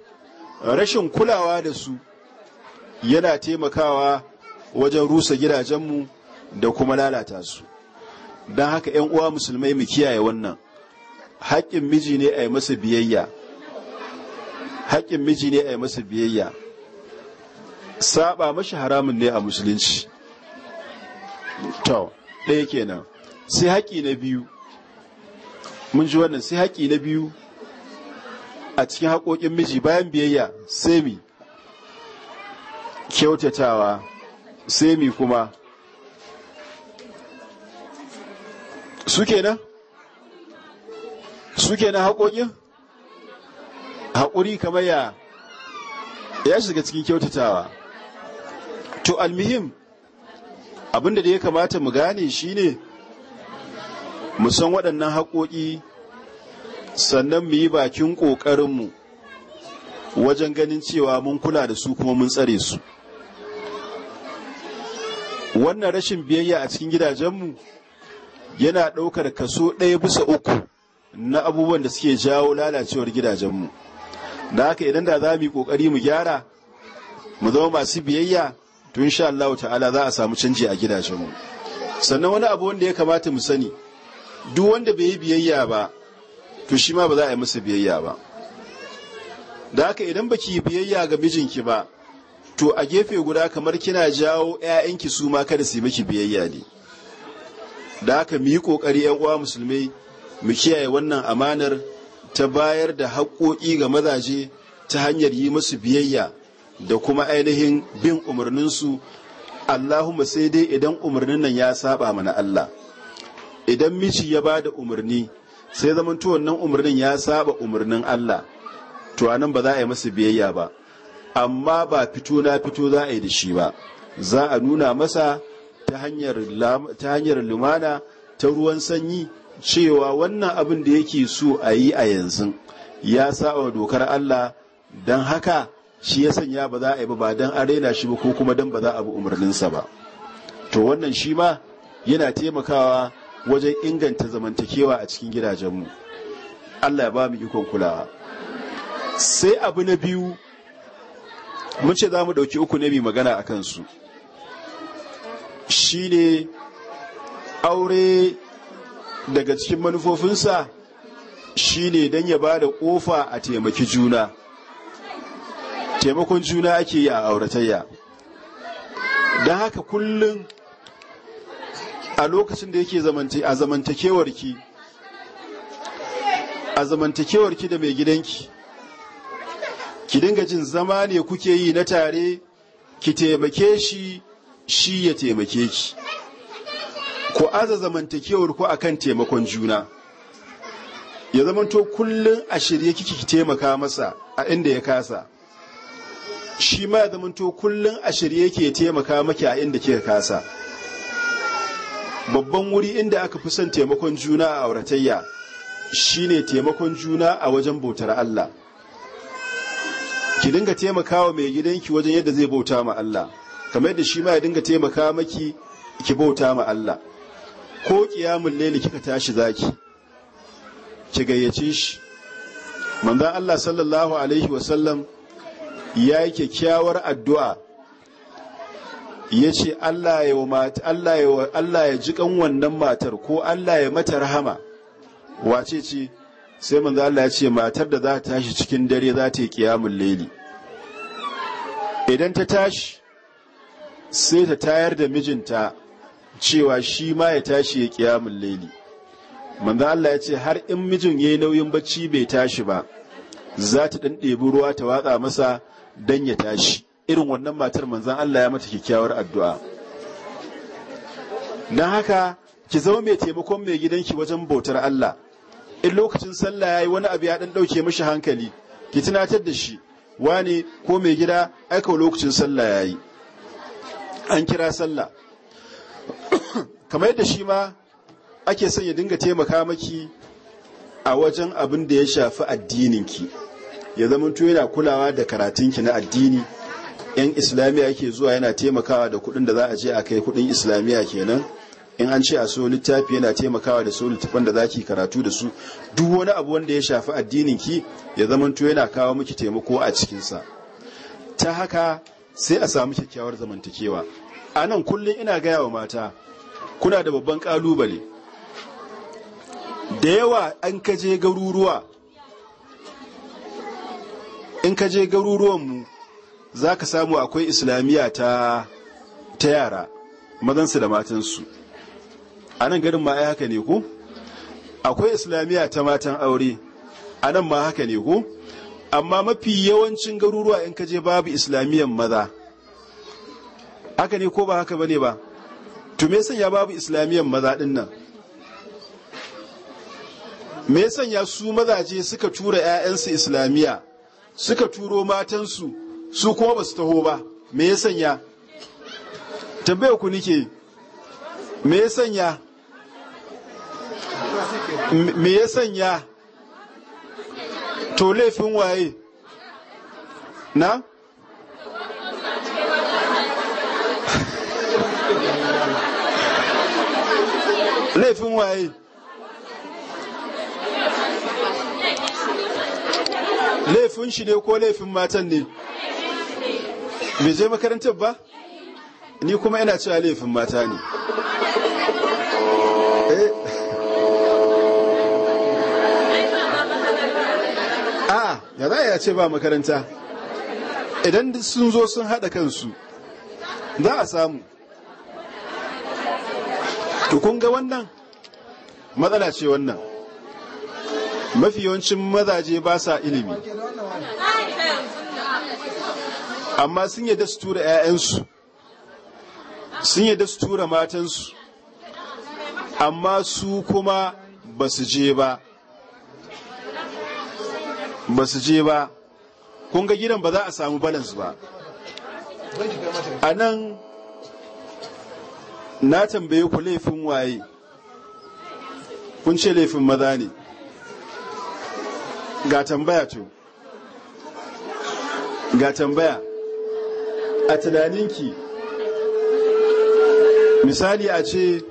rashin kulawa da su yana taimakawa wajen rusa gidajenmu da kuma lalata su don haka 'yan uwa musulmai mu kiyaye wannan haƙƙin miji ne a yi masa biyayya haƙƙin miji ne a yi masa biyayya saba mashi haramun ne a musulunci to ɗaya kenan sai haƙƙi na biyu mun ji wannan sai haƙƙi na biyu a cikin haƙoƙin miji bayan biyayya sai mi kyautatawa sai mi kuma suke na suke na haƙoƙin haƙuri kamar ya ya shiga cikin kyautatawa to almihim abinda da ya kamata mu gane shine mu san waɗannan haƙoƙi sannan mu yi bakin ƙoƙarinmu wajen ganin cewa mun kula da su kuma mun tsare su wannan rashin biyayya a cikin gidajenmu yana ɗaukar kaso ɗaya bisa uku na abubuwan da suke jawo lalacewar gidajenmu da haka idan da za mu yi ƙoƙari mu gyara mu zama masu biyayya tun sha Allah ta'ala za a samu canji a gidajenmu sannan wani abu wanda ya kamata mu sani duk wanda bai yi biyayya ba to shi ma ba za a yi masa biyayya ba da haka idan baki biyayya ga mijinki ba to a gefe guda kamar kina jawo 'ya'yanki su ma kada su yi miki biyayya ne da haka mu yi ƙoƙari 'yan uwa musulmi mu kiyaye wannan amanar ta bayar da haƙoƙi ga mazaje ta hanyar yi musu biyayya da kuma ainihin bin umarninsu Allahumma sai dai idan umarnin nan ya saba mana Allah idan miji ya ba da umarni sai zamanto wannan umarnin ya saba umarnin Allah to anan ba za a yi masa biyayya ba amma ba fito na fito za a yi da shi ba za a nuna masa ta hanyar lumana ta ruwan sanyi cewa wannan abin da yake so a yi a yanzu ya saba dokar Allah don haka shi ya sanya ba za a yi ba don a raina shi ba ko kuma don ba za a bi umarninsa ba to wannan shi ma yana taimakawa wajen inganta zamantakewa a cikin gidajenmu Allah ya ba mu ikon kulawa sai abu na biyu mun ce za mu ɗauki uku ne mai magana a kansu shi ne aure daga cikin manufofinsa shi ne don ya ba da ƙofa a taimaki juna taimakon juna ake yi a auratayya don haka kullum a lokacin da yake a zamantakewarki a zamantakewarki da mai gidanki ki dinga jin zama ne kuke yi na tare ki taimake shi shi ya taimake ki ku aza zamantakewar ku akan taimakon juna ya zamanto kullum a shirye kike ki taimaka masa a inda ya kasa shi ma ya zamanto kullum a shirye ke taimaka maki a inda kika kasa babban wuri inda aka fi son taimakon juna a auratayya shine taimakon juna a wajen bautar Allah ki dinga taimakawa mai gidanki wajen yadda zai bauta ma Allah kamar yadda shi ma ya dinga taimaka maki ki bauta ma Allah ko kiyamul laili kika tashi zaki ki gayyace shi manzon Allah sallallahu alaihi wa sallam ya yi kyakkyawar addu'a ya ce Allah ya ji kan wannan matar ko Allah ya mata rahama wace ce sai manzo Allah ya ce matar da za ta tashi cikin dare za ta yi kiyamul laili idan ta tashi sai ta tayar da mijinta cewa shi ma ya tashi ya kiyamul laili manzo Allah ya ce har in mijin yayi nauyin bacci bai tashi ba za ta dan ɗebi ruwa ta watsa masa dan ya tashi irin wannan matar manzon Allah ya mata kyakkyawar addu'a dan haka ki zama mai taimakon mai gidanki wajen bautar Allah in lokacin sallah ya yi wani abu ya dan dauke mashi hankali ki tunatar da shi wani ko mai gida aika lokacin sallah ya yi an kira sallah kamar yadda shi ma ake son ya dinga taimaka maki a wajen abin da ya shafi addininki ya zamanto yana kulawa da karatunki na addini yan islamiyya ke zuwa yana taimakawa da kudin da za a je a kai kudin islamiyya kenan in an ce a so littafi yana taimakawa da su littafan da zaki karatu da su duk wani abu wanda ya shafi addinin ki ya zamanto yana kawo miki taimako a cikinsa ta haka sai a samu kyakkyawar zamantakewa a nan kullum ina gaya wa mata kuna da babban kalubale da yawa an kaje garuruwa in kaje garuruwanmu za ka samu akwai islamiyya ta yara mazansu da matansu a nan garin ma ai haka ne ko akwai islamiyya ta matan aure a nan ma haka ne ko amma mafi yawancin garuruwa in ka je babu islamiyyan maza haka ne ko ba haka bane ba to me sanya babu islamiyyan maza din nan me sanya su mazaje suka tura 'ya'yansu islamiyya suka turo matansu su kuma ba su taho ba me ya sanya tambaya ku nike me ya sanya me ya sanya to laifin waye na laifin waye laifin shi ne ko laifin matan ne bai je makarantar ba ni kuma ina cewa laifin mata ne ya za a ce ba makaranta idan sun zo sun haɗa kansu za a samu kun ga wannan matsala ce wannan mafi yawancin mazaje ba sa ilimi amma sun yi su tura 'ya'yansu sun yi su tura matansu amma su kuma ba su je ba ba su je ba kun ga gidan ba za a samu balance ba a nan na tambaye ku laifin waye kun ce laifin maza ne ga tambaya to ga tambaya a tunaninki misali a ce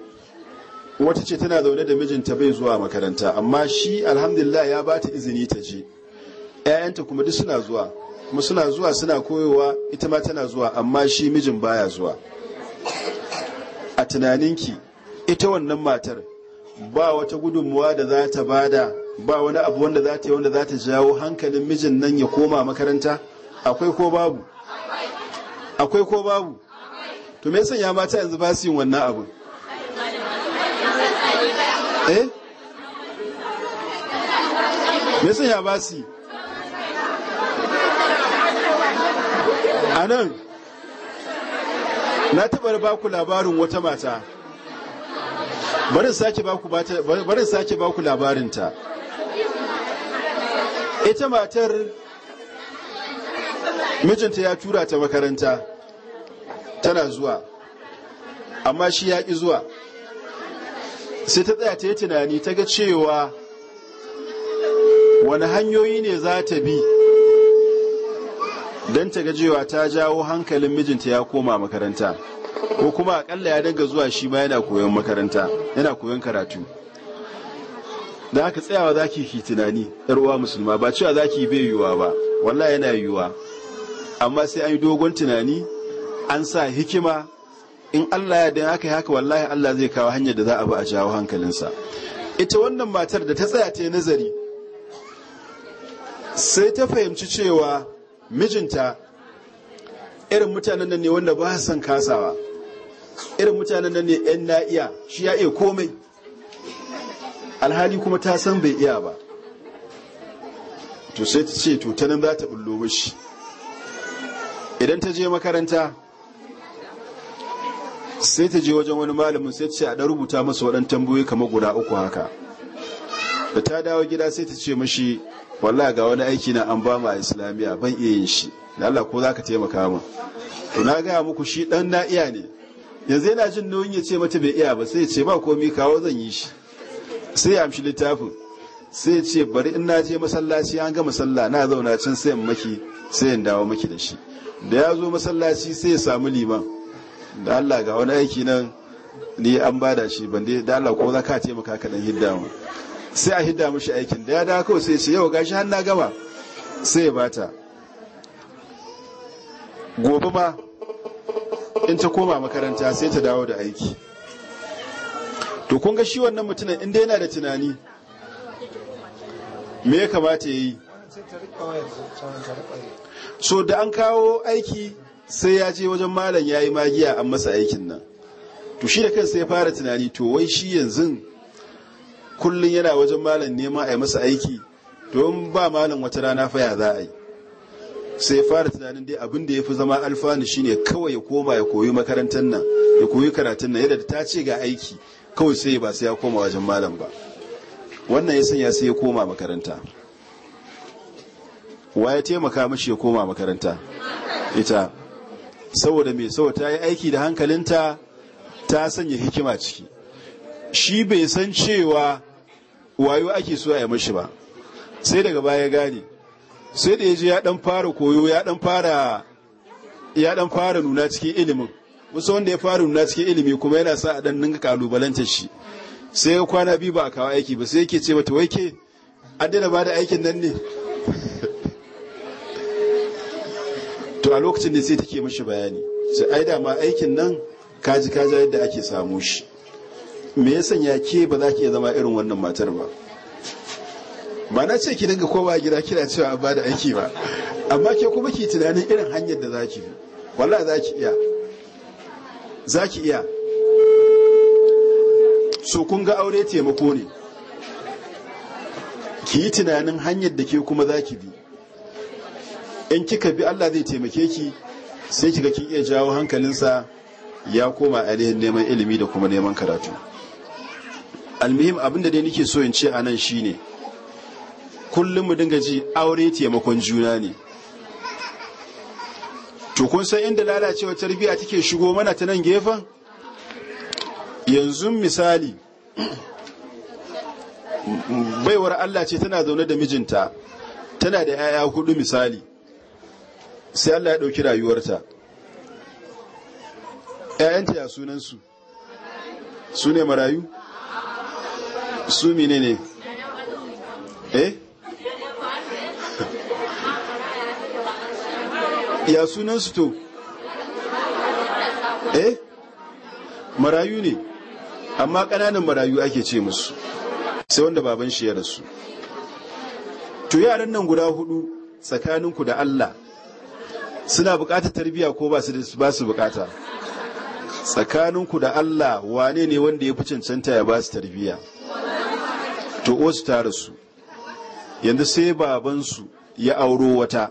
wata ce tana zaune da mijinta bai zuwa makaranta amma shi alhamdulillah ya ba ta izini ta je 'ya'yanta kuma duk suna zuwa kuma suna zuwa suna koyowa ita ma tana zuwa amma shi mijin baya zuwa a tunaninki ita wannan matar ba wata gudunmuwa da za ta bada ba wani abu wanda za ta yi wanda za ta jawo hankalin mijin nan ya koma makaranta akwai ko babu akwai ko babu to me ya mata yanzu ba su yin wannan abu eh me ya ba su yi a nan na taɓa ba ku labarin wata mata barin sake ba ku ta. ita matar mijinta ya tura ta makaranta tana zuwa amma shi ya ƙi zuwa sai ta tsaya ta yi tunani ta ga cewa wani hanyoyi ne za ta bi don ta gajewa ta jawo hankalin mijinta ya koma makaranta ko kuma akalla ya daga zuwa shi ma yana koyon makaranta yana koyon karatu da haka tsayawa za ki ki tunani yar uwa musulma ba cewa za ki bai yiwuwa ba wallahi yana yiwuwa amma sai an yi dogon tunani an sa hikima in Allah ya aka yi haka wallahi Allah zai kawo hanyar da za a bi a jawo hankalinsa ita wannan matar da ta tsaya ta yi nazari sai ta fahimci cewa mijinta irin mutanen nan ne wanda ba san kasawa irin mutanen nan ne yan na iya shi ya iya komai alhali kuma ta san bai iya ba to sai ta ce to ta nan za ta bullo mishi idan ta je makaranta sai ta je wajen wani malamin sai ta ce a ɗan rubuta masa waɗan tambayoyi kamar guda uku haka da ta dawo gida sai ta ce mashi Walla ga wani aiki na an ba mu a islamiyya ban iya yin shi da Allah ko za ka taimaka min to na gaya muku shi dan na iya ne yanzu yana jin nauyin ya ce mata bai iya ba sai ya ce ba komai kawo zan yi shi sai ya amshi littafin sai ya ce bari in na je masallaci an ga masalla na zauna can sai in maki sai in dawo maki da shi da ya zo masallaci sai ya samu liman da Allah ga wani aiki nan ni an bada shi ban da Allah ko za ka taimaka ka dan hidda mu sai a hidda mashi aikin da ya dawo kawai sai ce yau gashi har gama sai ya bata gobe ma in ta koma makaranta sai ta dawo da aiki to kun ga shi wannan mutumin inda yana da tunani me ya kamata ya yi so da an kawo aiki sai ya je wajen malam ya yi magiya an masa aikin nan to shi da kansa ya fara tunani to wai shi yanzu kullum yana wajen malam nema a yi masa aiki don ba malam wata rana faya za a yi sai fara tunanin dai abin da ya fi zama alfanu shine kawai ya koma ya koyi makarantar nan ya koyi karatun nan yadda ta ce ga aiki kawai sai ba sai ya koma wajen malam ba wannan ya sanya sai ya koma makaranta wa ya taimaka mashi ya koma makaranta ita saboda mai sau ta yi aiki da hankalinta ta sanya hikima ciki shi bai san cewa wayo ake so a yi mashi ba sai daga baya gane sai da ya ji ya dan fara koyo ya dan fara ya dan fara nuna cikin ilimin wasu wanda ya fara nuna cikin ilimi kuma yana sa a dan ninka kalubalantar shi sai ya kwana biyu ba a kawo aiki ba sai yake ce mata wai ke an daina ba da aikin nan ne to a lokacin da sai take mashi bayani sai ai da ma aikin nan kaji kaji yadda ake samu shi me ya sanya ke ba za ki iya zama irin wannan matar ba ba na ce ki daga kowa gida kira cewa ba da aiki ba amma ke kuma ki tunanin irin hanyar da za ki bi wallah za ki iya za ki iya so kun ga aure taimako ne ki yi tunanin hanyar da ke kuma za ki bi in kika bi allah zai taimake ki sai kiga kin iya jawo hankalinsa ya koma ainihin neman ilimi da kuma neman karatu almihim abin da dai nake so in ce a nan shine kullum mu dinga ji aure taimakon juna ne to kun san inda lalacewa tarbiyya take shigo mana ta nan gefen yanzu misali baiwar Allah ce tana zaune da mijinta tana da 'ya'ya hudu misali sai Allah ya ɗauki rayuwarta 'ya'yanta ya sunansu su ne marayu su mine ne eh ya sunan su to eh marayu ne amma ƙananan marayu ake ce musu sai wanda baban shi ya rasu to yaran nan guda hudu tsakaninku da Allah suna bukatar tarbiya ko ba su bukata tsakaninku da Allah wane ne wanda ya fi cancanta ya ba su tarbiya to wasu ta rasu yanzu sai babansu ya auro wata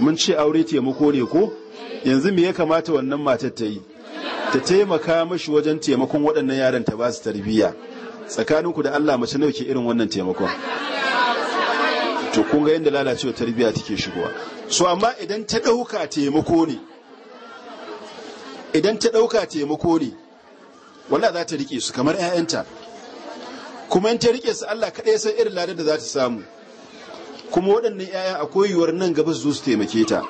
mun ce aure taimako ne ko yanzu me ya kamata wannan matar ta yi ta taimaka mashi wajen taimakon waɗannan yaran ta ba su tarbiyya tsakaninku da Allah mace nawa ke irin wannan taimakon to kun ga yadda lalacewa tarbiyya take shigowa Su amma idan ta ɗauka taimako ne idan ta ɗauka taimako ne wala za ta riƙe su kamar 'ya'yanta kuma in ta rike su Allah kaɗai san irin ladar da za ta samu kuma waɗannan 'ya'ya akwai yiwuwar nan gaba su zo su taimake ta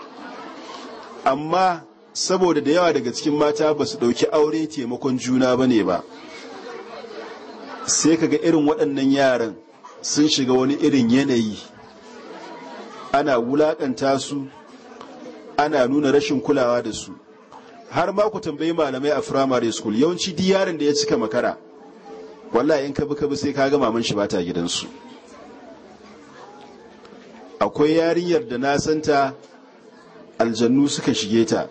amma saboda da yawa daga cikin mata ba su ɗauki aure taimakon juna ba ne ba sai kaga irin waɗannan yaran sun shiga wani irin yanayi ana wulaƙanta su ana nuna rashin kulawa da su har ma ku tambayi malamai a firamare school yawanci diyarin da ya cika makara wallahi in kabi kabi sai ka ga maman shi bata gidansu akwai yarinyar da na santa aljannu suka shige ta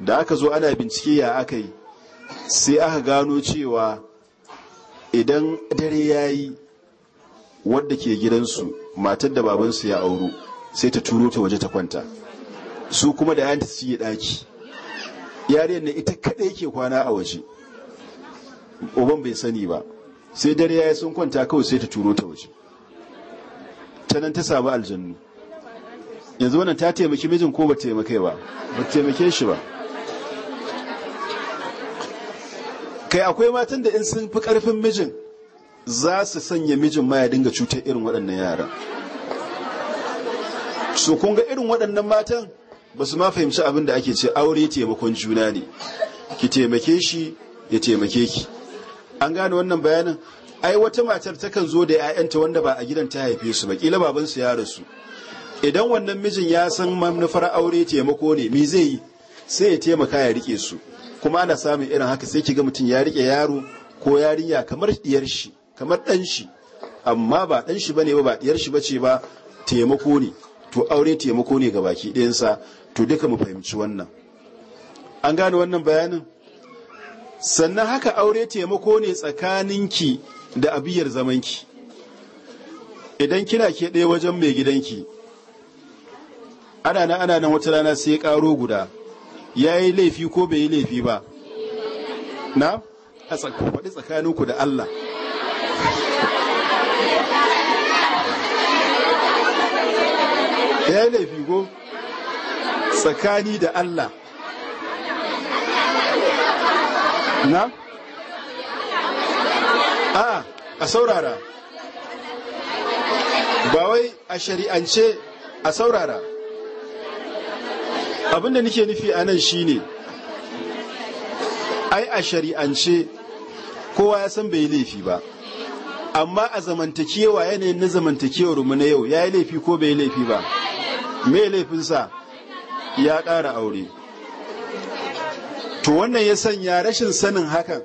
da aka zo ana bincike ya aka sai aka gano cewa idan dare ya yi wadda ke gidansu matar da babansu ya auro sai ta turo ta waje ta kwanta su kuma da yanta su yi ɗaki yariyar na ita kaɗai ke kwana a waje uban bai sani ba sai dare ya yi sun kwanta kawai sai ta turo ta waje ta nan ta sabu aljannu yanzu wannan ta taimaki mijin ko ba taimakai ba ba taimake shi ba kai akwai matan da in sun fi karfin mijin za su sanya mijin ma ya dinga cutar irin waɗannan yara su kun ga irin waɗannan matan ba su ma fahimci abin da ake ce aure taimakon juna ne ki taimake shi ya taimake ki an gane wannan bayanin ai wata matar takan zo da 'ya'yanta wanda ba a gidan ta haife su ba kila babansu ya rasu idan wannan mijin ya san manufar aure taimako ne me zai yi sai ya taimaka ya rike su kuma ana samun irin haka sai kiga mutum ya rike yaro ko yarinya kamar diyar shi kamar dan shi amma ba dan shi bane ba ba diyar shi bace ba taimako ne to aure taimako ne ga baki ɗayansa to duka mu fahimci wannan an gane wannan bayanin sannan haka aure taimako ne tsakaninki da abiyar zamanki idan kina ke ɗaya wajen mai gidanki ana nan ana wata rana sai ƙaro guda ya yi laifi ko bai yi laifi ba na a faɗi tsakaninku da Allah ya yi laifi ko tsakani da Allah na a a saurara ba wai a shari'ance a saurara abinda nike nufi a nan ne. ai a shari'ance kowa ya san bai laifi ba amma a zamantakewa yanayin na zamantakewar mu na yau ya yi laifi ko bai laifi ba mai laifinsa ya ƙara aure to wannan ya sanya rashin sanin hakan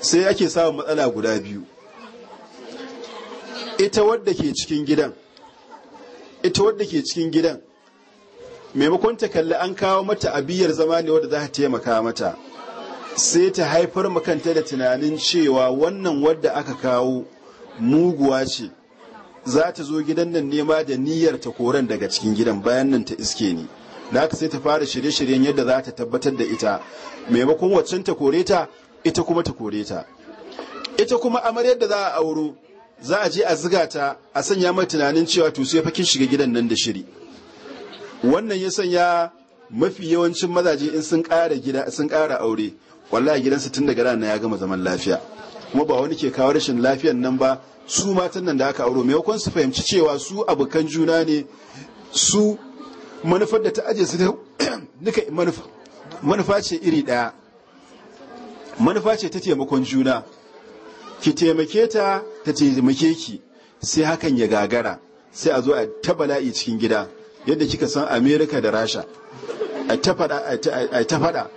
sai ake samun matsala guda biyu ita wadda ke cikin gidan ita wadda ke cikin gidan maimakon ta kalli an kawo mata abiyar zama ne wadda za ta taimaka mata sai ta haifar makanta da tunanin cewa wannan wadda aka kawo muguwa ce za ta zo gidan nan nema da niyyar ta koren daga cikin gidan bayan nan ta iske ne da haka sai ta fara shirye-shiryen yadda za ta tabbatar da ita maimakon waccan ta kore ta ita kuma ta kore ta ita kuma amaryar da za a auro za a je a ziga ta a sanya mai tunanin cewa to sai fakin shiga gidan nan da shiri wannan ya sanya mafi yawancin mazaje in sun kara gida sun ƙara aure wallahi gidansu tun daga ranar ya gama zaman lafiya kuma ba wani ke kawo rashin lafiyan nan ba su matan nan da aka auro maimakon su fahimci cewa su abokan juna ne su manufar da ta aje su duka manufa ce iri ɗaya manufa ce ta taimakon juna ki taimake ta ta taimake ki sai hakan ya gagara sai a zo a ta cikin gida yadda kika san america da rasha a ta faɗa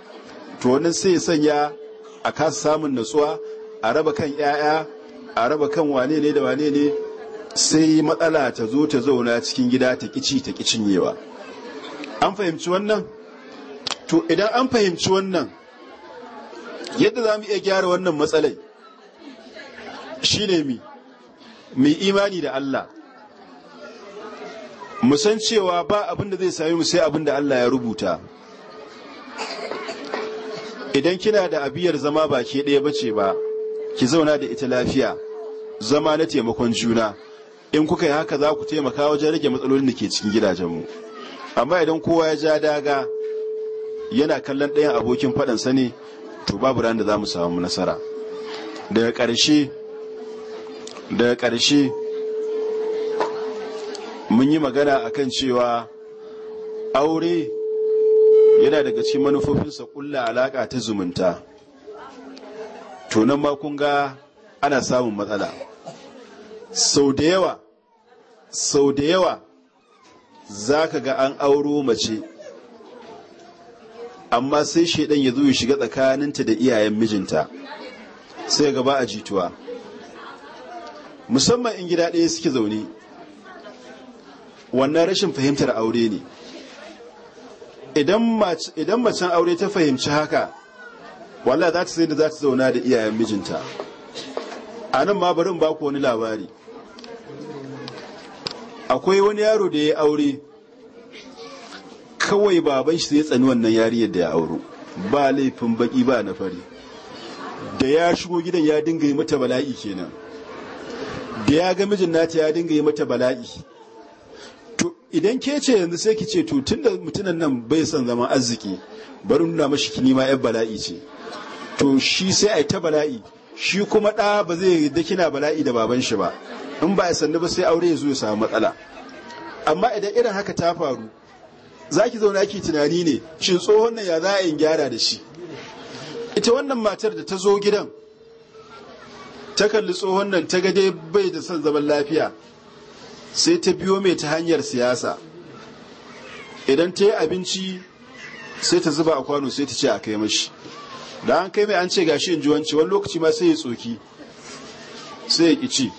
to wannan sai ya sanya a kasa samun natsuwa a raba kan 'ya'ya a raba kan wane ne da wane ne sai matsala ta zo ta zauna cikin gida ta kici ta kicinyewa an fahimci wannan to idan an fahimci wannan yadda za mu iya gyara wannan matsalai shine mi mai imani da Allah mu cewa ba abin zai sami mu sai abin Allah ya rubuta idan kina da abiyar zama ba ke ɗaya ce ba ki zauna da ita lafiya zama na taimakon juna in kuka yi haka za ku taimaka wajen rage matsalolin da ke cikin gidajenmu. mu amma idan kowa ya ja daga yana kallon ɗayan abokin faɗansa sani to babu ran da za mu samu nasara daga ƙarshe daga ƙarshe mun yi magana akan cewa aure yana daga cikin manufofinsa ƙulla alaƙa ta zumunta to nan ma ga ana samun matsala sau da yawa sau da yawa za ka ga an auro mace amma sai shaidan ya zo ya shiga tsakaninta da iyayen mijinta sai gaba a jituwa musamman in gida ɗaya suke zaune wannan rashin fahimtar aure ne idan macen aure ta fahimci haka wallah za ta sai da za ta zauna da iyayen mijinta a nan ma barin baku wani labari akwai wani yaro da ya aure kawai baban shi zai tsani wannan yariyar da ya auro ba laifin baki ba na fari da ya shigo gidan ya dinga yi mata bala'i kenan da ya ga mijin nata ya dinga yi mata bala'i to idan ke ce yanzu sai ki ce to da mutunan nan bai son zaman arziki bari nuna mashi kini ma yan bala'i ce to shi sai a ta bala'i shi kuma ɗa ba zai da kina bala'i da baban shi ba in ba ya sannu ba sai aure ya zo ya samu matsala amma idan irin haka ta faru za ki zauna ake tunani ne shin tsohon nan ya za a yin gyara da shi ita wannan matar da ta zo gidan ta kalli tsohon nan ta gade bai da son zaman lafiya sai ta biyo mai ta hanyar siyasa idan ta yi abinci sai ta zuba a kwano sai ta ce a kai mashi da an kai mai an ce gashi in ji wanci wani lokaci ma sai ya tsoki sai ya ƙi ci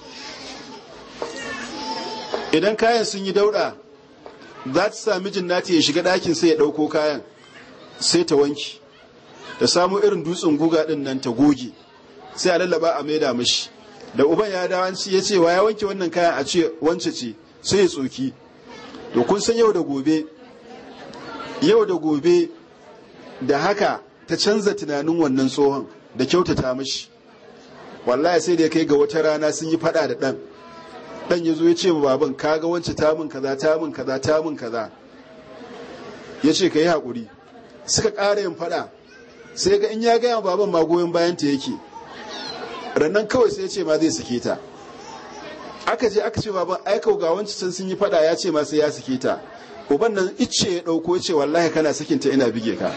idan kayan sun yi dauɗa za ta sa mijin nati ya shiga ɗakin sai ya ɗauko kayan sai ta wanki ta samu irin dutsen guga ɗin nan ta goge sai a lallaba a maida mashi da uban ya dawanci ya ce wa ya wanke wannan kayan a ce wance ce sai ya tsoki to kun san yau da gobe yau da gobe da haka ta canza tunanin wannan tsohon da kyautata mashi wallahi sai da ya kai ga wata rana sun yi fada da ɗan dan ya zo ya ce baban kaga wance ta min kaza ta min kaza ta min kaza ya ce ka yi haƙuri suka ƙara yin faɗa sai ga in ya gaya baban ma goyon bayan ta yake rannan kawai sai ya ce ma zai sake ta aka je aka ce baban aikau ga wancan sun yi faɗa ya ce ma sai ya sake ta uban nan icce ya ɗauko ya ce wallahi kana sakinta ina bige ka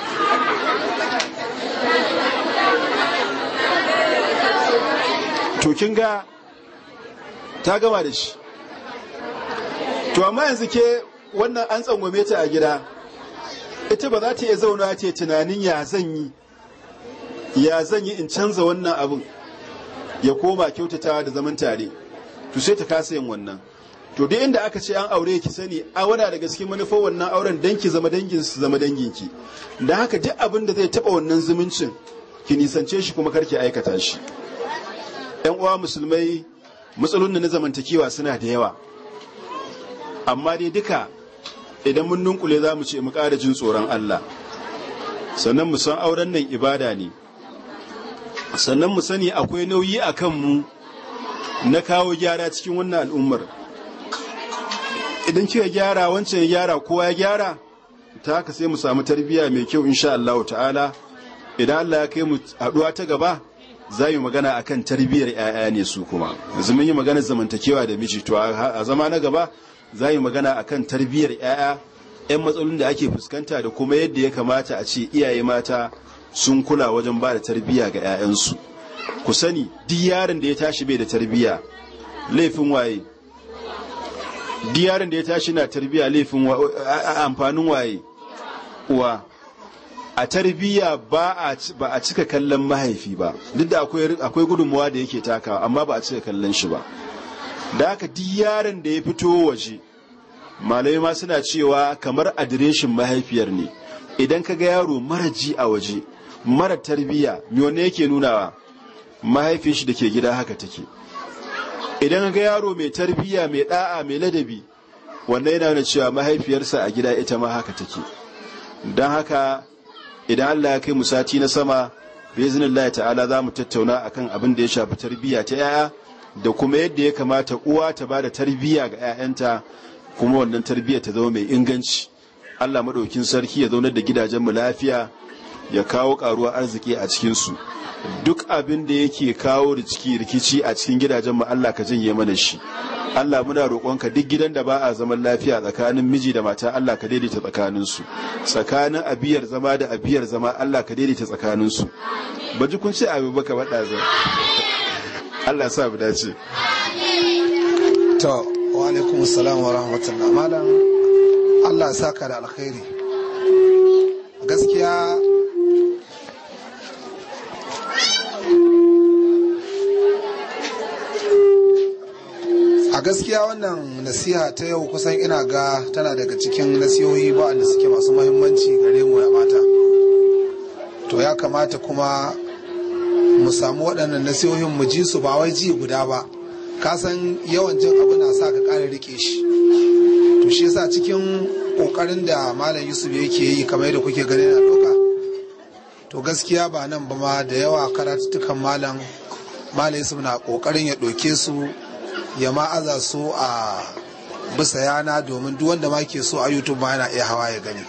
to kin ga ta gama da shi to amma yanzu ke wannan an tsangwame ta a gida ita ba za ta iya zauna ce tunanin ya zan yi ya zan yi in canza wannan abin ya koma kyautatawa da zaman tare to sai ta kasa yin wannan to duk inda aka ce an aure ki sani a wada daga cikin manufar wannan auren dan ki zama dangin su zama ki. da haka duk abin da zai taba wannan zumuncin ki nisance shi kuma karki aikata shi yan uwa musulmai matsalolin na zamantakewa suna da yawa amma dai duka idan mun nunkule za mu ce mu ƙara jin tsoron Allah sannan mu san auren nan ibada ne sannan mu sani akwai nauyi a kanmu na kawo gyara cikin wannan al'ummar idan kika gyara wancan ya gyara kowa ya gyara ta haka sai mu samu tarbiyya mai kyau insha Allah ta'ala idan Allah ya kai mu haɗuwa ta gaba za yi magana a kan tarbiyyar 'ya'ya ne su kuma yanzu mun yi magana zamantakewa da miji to a zama na gaba za yi magana a kan tarbiyyar 'ya'ya 'yan matsalolin da ake fuskanta da kuma yadda ya kamata a ce iyaye mata sun kula wajen ba da tarbiyya ga 'ya'yansu ku sani duk da ya tashi bai da tarbiyya laifin waye duk da ya tashi na tarbiyya laifin amfanin waye uwa a tarbiyya ba a cika kallon mahaifi ba duk da akwai gudunmuwa da yake takawa amma ba a cika kallon shi ba da haka duk yaron da ya fito waje malamai ma suna cewa kamar adireshin mahaifiyar ne idan ka ga yaro mara ji a waje mara tarbiyya me yake nunawa mahaifin shi da ke gida haka take idan ga yaro mai tarbiyya mai da'a mai ladabi wannan yana nuna cewa mahaifiyarsa a gida ita ma haka take don haka idan Allah ya kai mu sati na sama allah ya ta'ala za mu tattauna a kan abin da ya shafi tarbiyya ta yaya da kuma yadda ya kamata uwa ta bada tarbiyya ga 'ya'yanta kuma wannan tarbiyya ta zama mai inganci Allah maɗaukin sarki ya zaunar da gidajenmu lafiya ya kawo ƙaruwa arziki a cikinsu duk abin da yake kawo rikici rikici a cikin gidajen mu Allah ka janye mana shi Allah muna roƙonka duk gidan da ba a zaman lafiya tsakanin miji da mata Allah ka daidaita tsakanin su tsakanin abiyar zama da abiyar zama Allah ka daidaita tsakanin su ba ji kun ce abu ka bada zai Allah sa mu dace to wa alaikum assalam wa rahmatullah malam Allah saka da alkhairi gaskiya wannan nasiha ta yau kusan ina ga tana daga cikin nasihohi da suke masu mahimmanci gare mu ya mata to ya kamata kuma mu samu waɗannan nasihohin mu ji su ba wai ji guda ba ka san yawan jin abu na sa ka ƙara rike shi to shi yasa cikin ƙoƙarin da malam yusuf yake yi kamar yadda kuke gani na ɗauka to gaskiya ba nan ba ma da yawa karatuttukan malam malam yusuf na ƙoƙarin ya ɗauke su ya ma'aza su a bisa yana domin duk wanda ma ke so a youtube ma yana iya hawa ya gani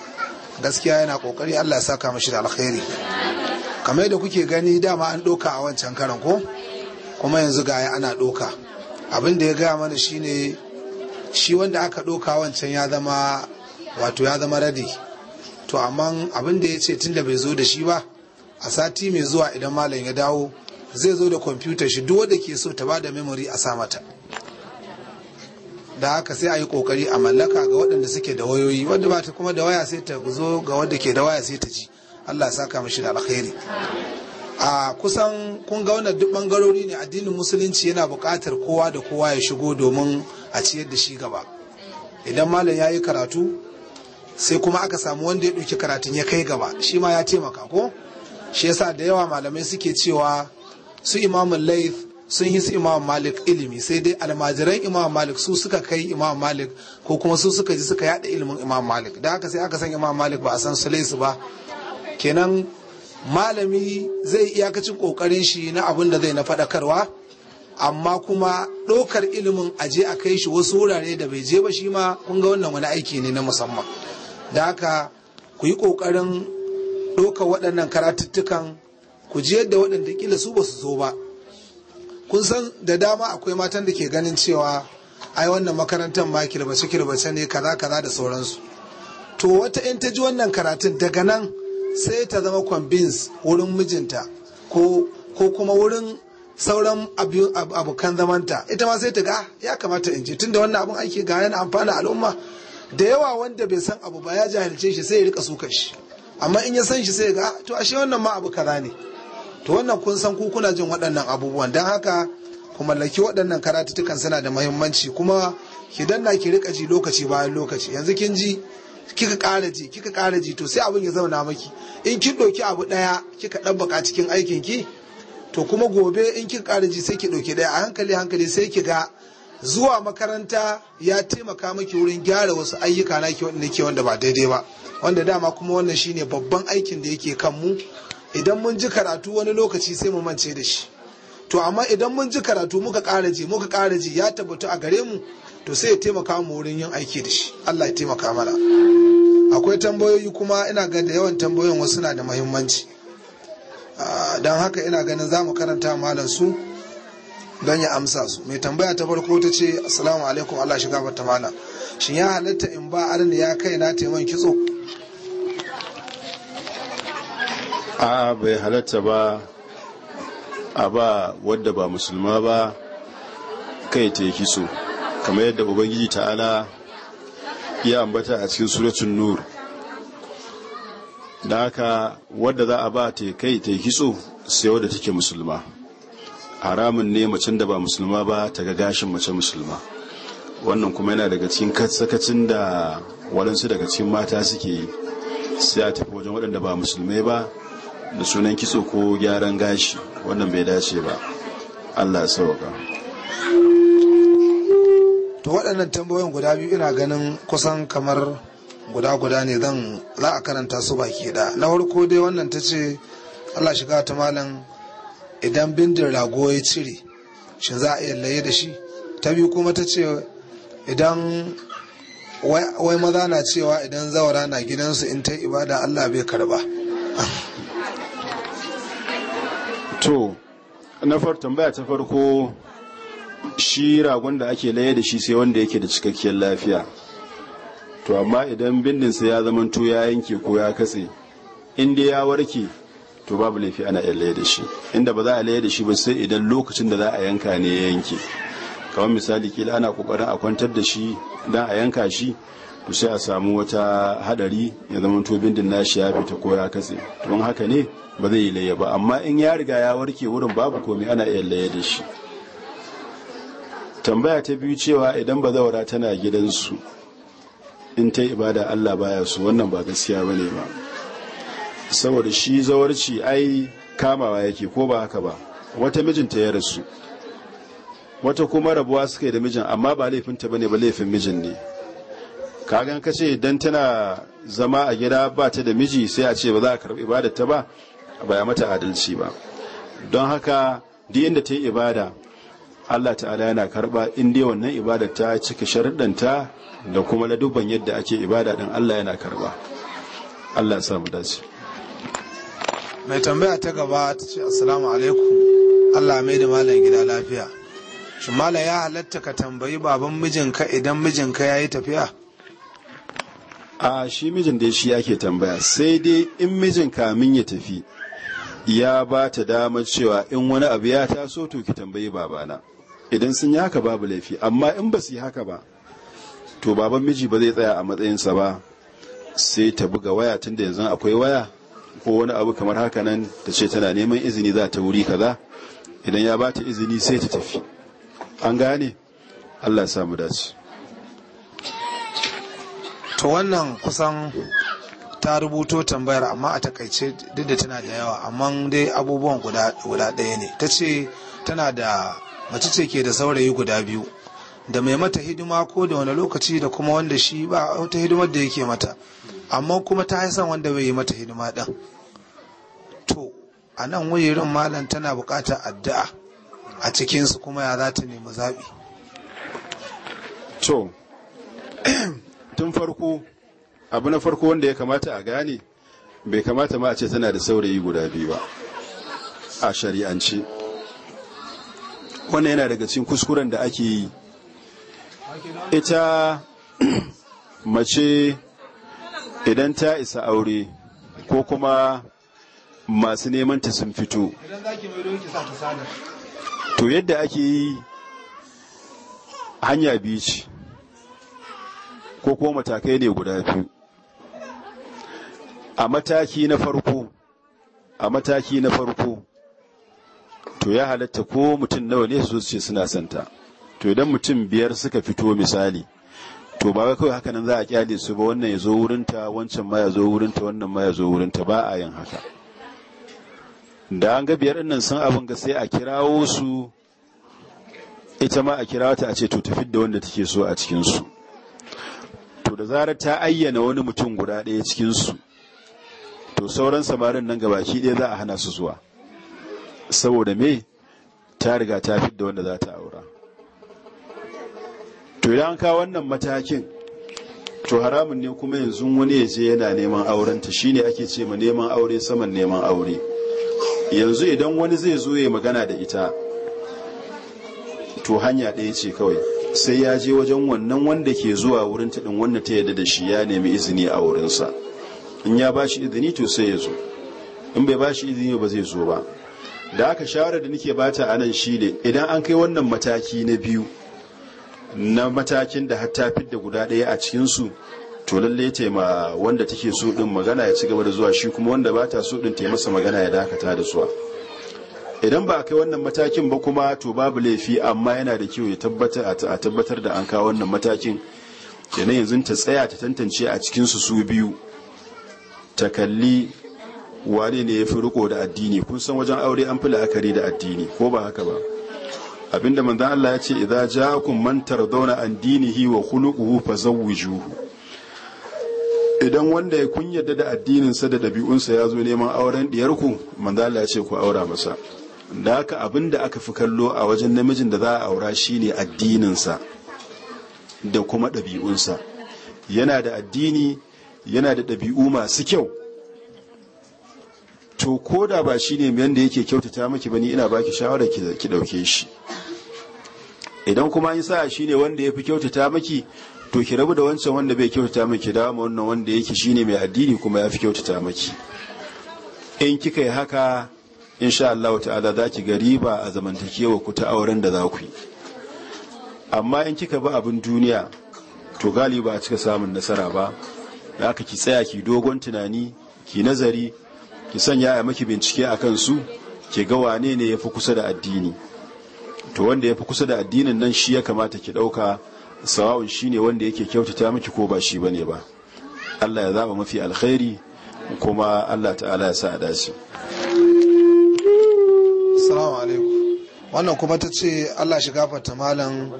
gaskiya yana kokari Allah ya saka mashi da alkhairi kamar da kuke gani dama an doka a wancan karan ko kuma yanzu gaya ana doka abin da ya gaya mana shine shi wanda aka doka wancan ya zama wato ya zama radi to amma abin da ya ce tunda bai zo da shi ba a sati mai zuwa idan malam ya dawo zai zo da kwamfutar shi duk wanda ke so ta bada memory a sa mata da haka sai a yi kokari a mallaka ga waɗanda suke da wayoyi wanda ba ta kuma da waya sai ta zo ga wanda ke da waya sai ta ji Allah ya saka mishi da alkhairi a kusan kun ga wannan duk bangarori ne addinin musulunci yana buƙatar kowa da kowa ya shigo domin a ciyar da shi gaba idan malam ya yi karatu sai kuma aka samu wanda ya ɗauki karatun ya kai gaba shi ma ya taimaka ko shi yasa da yawa malamai suke cewa su imamun laif sun yi su imam malik ilimi sai dai almajiran imam malik su suka kai imam malik ko kuma su suka ji suka yada ilimin imam malik da haka sai aka san imam malik ba a san su laisu ba kenan malami zai iyakacin kokarin shi na abin da zai na faɗakarwa amma kuma ɗaukar ilimin aje a kai shi wasu wurare da bai je ba shi ma kun ga wannan wani aiki ne na musamman da haka ku yi ƙoƙarin ɗaukar waɗannan karatuttukan ku je yadda waɗanda kila su ba su zo ba kun san da dama akwai matan da ke ganin cewa ai wannan makarantar ma kirbace kirbace ne kaza kaza da sauransu to wata in ta ji wannan karatun daga nan sai ta zama convince wurin mijinta ko ko kuma wurin sauran abokan zamanta ita ma sai ta ga ah, ya kamata in je tunda wannan abun aiki ga yana amfana al'umma da yawa wanda bai san abu ba ya jahilce shi sai ya rika suka shi amma in ya san shi sai ga ah, to ashe wannan ma abu kaza ne to wannan kun san ku kuna jin waɗannan abubuwan don haka ku mallaki waɗannan karatutukan suna da mahimmanci kuma ki danna ki rika ji lokaci bayan lokaci yanzu kin ji kika ƙara ji kika ƙara ji to sai abin ya zauna maki in kin ɗauki abu ɗaya kika ɗabbaka cikin aikin ki to kuma gobe in kika ƙara ji sai ki ɗauki ɗaya a hankali hankali sai ki ga zuwa makaranta ya taimaka maki wurin gyara wasu ayyuka na ke wanda ke wanda ba daidai ba wanda dama kuma wannan shine babban aikin da yake kan mu idan mun ji karatu wani lokaci sai mu mance da shi to amma idan mun ji karatu muka ƙara ji muka ƙara ji ya tabbatu a gare mu to sai ya taimaka mu wurin yin aiki da shi Allah ya taimaka mana akwai tambayoyi kuma ina ga da yawan tambayoyin wasu na da muhimmanci ah, don haka ina ganin za mu karanta malam su don ya amsa su mai tambaya ta farko ta ce assalamu alaikum Allah shiga bata mana shin ya halatta in ba arni ya kai na taimakon kitso a bai halatta ba a ba wadda ba musulma ba kai ta yi so kamar yadda ubangiji ta'ala ya ambata a cikin suratun nur da haka wadda za a ba ta kai ta yi so sai wadda take musulma haramun ne macen da ba musulma ba ta ga gashin mace musulma wannan kuma yana daga cikin sakacin da waɗansu daga cikin mata suke yi sai a tafi wajen waɗanda ba musulmai ba da sunan kitso ko gyaran gashi wannan bai dace ba allah sauka to waɗannan tambayoyin guda biyu ina ganin kusan kamar guda-guda ne zan za a karanta su baki da na farko dai wannan ta ce allah shiga ta malam idan bindin rago ya cire shin za a iya laye da shi ta biyu kuma ta ce idan wai maza na cewa idan zawara na gidansu in ta ibada allah bai karba to na farta baya ta farko shi ragon da ake laye da shi sai wanda yake da cikakkiyar lafiya to amma idan bindinsa ya zama to ya yanke ko ya katse inda ya warke to babu laifi ana iya laye da shi inda ba za a laye da shi ba sai idan lokacin da za a yanka ne ya yanke kamar misali kila ana kokarin a kwantar da shi dan a yanka shi to sai a samu wata hadari ya zama to bindin nashi ya fita ko ya katse don haka ne ba zai yi ba amma in ya riga ya warke wurin babu komai ana iya laye da shi tambaya ta biyu cewa idan ba zaura tana gidansu in ta ibada Allah baya su wannan ba gaskiya bane ba saboda shi zawarci ai kamawa yake ko ba haka ba wata mijinta ya rasu wata kuma rabuwa suka yi da mijin amma ba laifinta bane ba laifin mijin ne kagan ka ce don tana zama a gida ba ta da miji sai a ce ba za a karɓi ibadar ta ba ba ya mata adalci ba don haka duk inda ta yi ibada Allah ta'ala yana karɓa in yi wannan ibada ta cika sharɗanta da kuma ladubban yadda ake ibada ɗin Allah yana karɓa Allah ya samu dace mai tambaya ta gaba ta ce assalamu alaikum Allah mai da malam gida lafiya shi malam ya halatta ka tambayi baban mijinka idan mijinka ya yi tafiya a shi mijin dai shi ake tambaya sai dai in mijin kamin ya tafi ya ba ta damar cewa in wani abu ya taso to ki tambayi babana idan sun yi haka babu laifi amma in ba su yi haka ba to baban miji ba zai tsaya a matsayinsa ba sai ta buga waya tun da yanzu akwai waya ko wani abu kamar haka nan ta ce tana neman izini za ta wuri kaza idan ya ba ta izini sai ta tafi an gane allah samu dace to wannan kusan ta rubuto tambayar amma a takaice duk da tana da yawa amma dai abubuwan guda ɗaya ne ta ce tana da mace ce ke da saurayi guda biyu da mai mata hidima ko da wani lokaci da kuma wanda shi ba wata hidimar da yake mata amma kuma ta haisan wanda bai yi mata hidima ɗin to a nan wuyirin malam tana buƙatar addu'a a cikinsu kuma ya za ta nemi zaɓi to tun farko abu na farko wanda ya kamata a gane bai kamata ma a ce tana da saurayi guda biyu ba a shari'ance wannan yana daga cikin kuskuren da ake yi ita mace idan ta isa aure ko kuma masu neman ta sun fito to yadda ake yi hanya biyu ce ko kuma matakai ne guda biyu a mataki na farko a mataki na farko to ya halatta ko mutum nawa ne su ce suna santa to idan mutum biyar suka fito misali to ba wai kawai haka nan za a kyale su ba wannan ya zo wurinta wancan ma ya zo wurinta wannan ma ya zo wurinta ba a yin haka da an ga biyar nan sun abin ga sai a kirawo su ita ma a kirawata a ce to tafi da wanda take so a cikin su da zarar ta ayyana wani mutum guda ɗaya cikinsu to sauran samarin nan gabaki ɗaya za a hana su zuwa saboda me ta riga ta fidda wanda za ta aura to idan ka wannan matakin to haramun ne kuma yanzu wani ya je yana neman aurenta shine ake ce ma neman aure saman neman aure yanzu idan wani zai zo ya magana da ita to hanya ɗaya ce kawai sai ya je wajen wannan wanda ke zuwa wurin taɗin wanda ta yadda da shi ya nemi izini a wurinsa in ya ba shi izini to sai ya zo in bai ba shi izini ba zai zo ba da aka shawarar da nake bata a nan shi ne idan an kai wannan mataki na biyu na matakin da hatta fidda guda ɗaya a cikinsu to lallai ta ma wanda take so din magana ya ci gaba da zuwa shi kuma wanda ba ta so din ta masa magana ya dakata da zuwa idan ba a kai wannan matakin ba kuma to babu laifi amma yana da kyau ya tabbatar tabbatar da an kawo wannan matakin kenan yanzu ta tsaya ta tantance a cikin su su biyu ta kalli wane ne ya fi riko da addini kun san wajen aure an fi la'akari da addini ko ba haka ba abinda manzan Allah ya ce ja kun mantar zauna an dinihi wa khuluquhu fazawwijuhu idan wanda ya kun yarda da addininsa da ɗabi'unsa ya zo neman auren diyarku manzan Allah ya ce ku aura masa da haka abin da aka fi kallo a wajen namijin da za a aura shi ne addininsa da kuma ɗabi'unsa yana da addini yana da ɗabi'u masu kyau to ko da ba shi ne yadda yake kyautata miki bane ina baki shawara ki ɗauke shi idan kuma an sa shi ne wanda ya fi kyautata maki to ki rabu da wancan wanda bai kyautata miki da wannan wanda yake ne mai addini kuma ya fi kyautata maki. in kika yi haka insha Allah ta'ala za ki gari ba a zamantakewa ku ta auren da za ku yi amma in kika bi abin duniya to galiba a cika samun nasara ba da aka ki tsaya ki dogon tunani ki nazari ki sanya a maki bincike a kansu ki ga wane ne ya fi kusa da addini to wanda ya fi kusa da addinin nan shi ya kamata ki ɗauka sawa'un shi ne wanda yake kyautata miki ko ba shi bane ba Allah ya zaba mafi alkhairi kuma Allah ta'ala ya sa a dace assalamu alaikum wannan kuma ta ce allah shi gafarta malam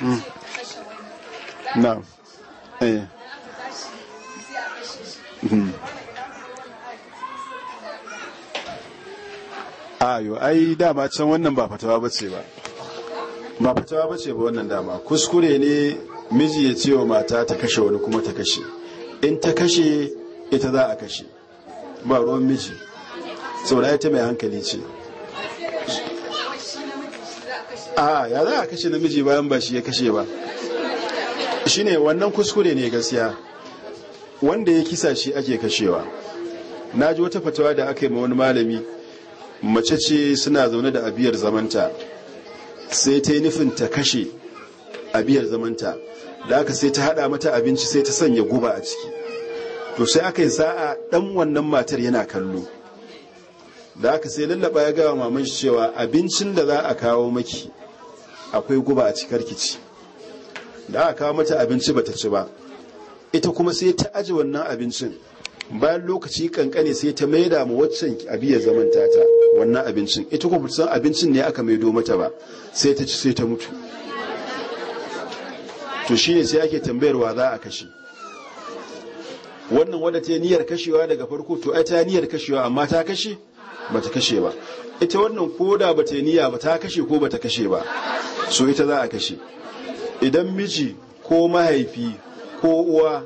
hmm. na eh. hmm. ayo ai dama can wannan ba fatawa bace ba ba fatawa bace ba wannan dama kuskure ne miji ya ce wa mata ta kashe wani kuma ta kashe in ta kashe ita za a kashe ba ruwan miji saboda ta mai hankali ce a ya za a kashe namiji bayan ba shi ya kashe ba shine wannan kuskure ne gaskiya wanda ya kisa shi ake kashewa na ji wata fatawa da aka yi ma wani malami mace ce suna zaune da abiyar zamanta sai ta yi nufin ta kashe abiyar zamanta da aka sai ta hada mata abinci sai ta sanya guba a ciki to sai aka yi sa'a dan wannan matar yana kallo da aka sai lallaba ya gawa maman shi cewa abincin da za a kawo maki akwai guba a cikar kici da aka kawo mata abinci bata ci ba ita kuma sai ta aji wannan abincin bayan lokaci kankane sai ta maida ma waccan abiyar zamanta ta wannan abincin ita kuma san abincin ne aka maido mata ba sai ta ci sai ta mutu to ne sai ake tambayarwa za a kashe wannan wadda ta niyyar kashewa daga farko to ai ta niyyar kashewa amma ta kashe ba ta kashe ba ita wannan koda ba ta niyya ba ta kashe ko ba ta kashe ba so ita za a kashe idan miji ko mahaifi ko uwa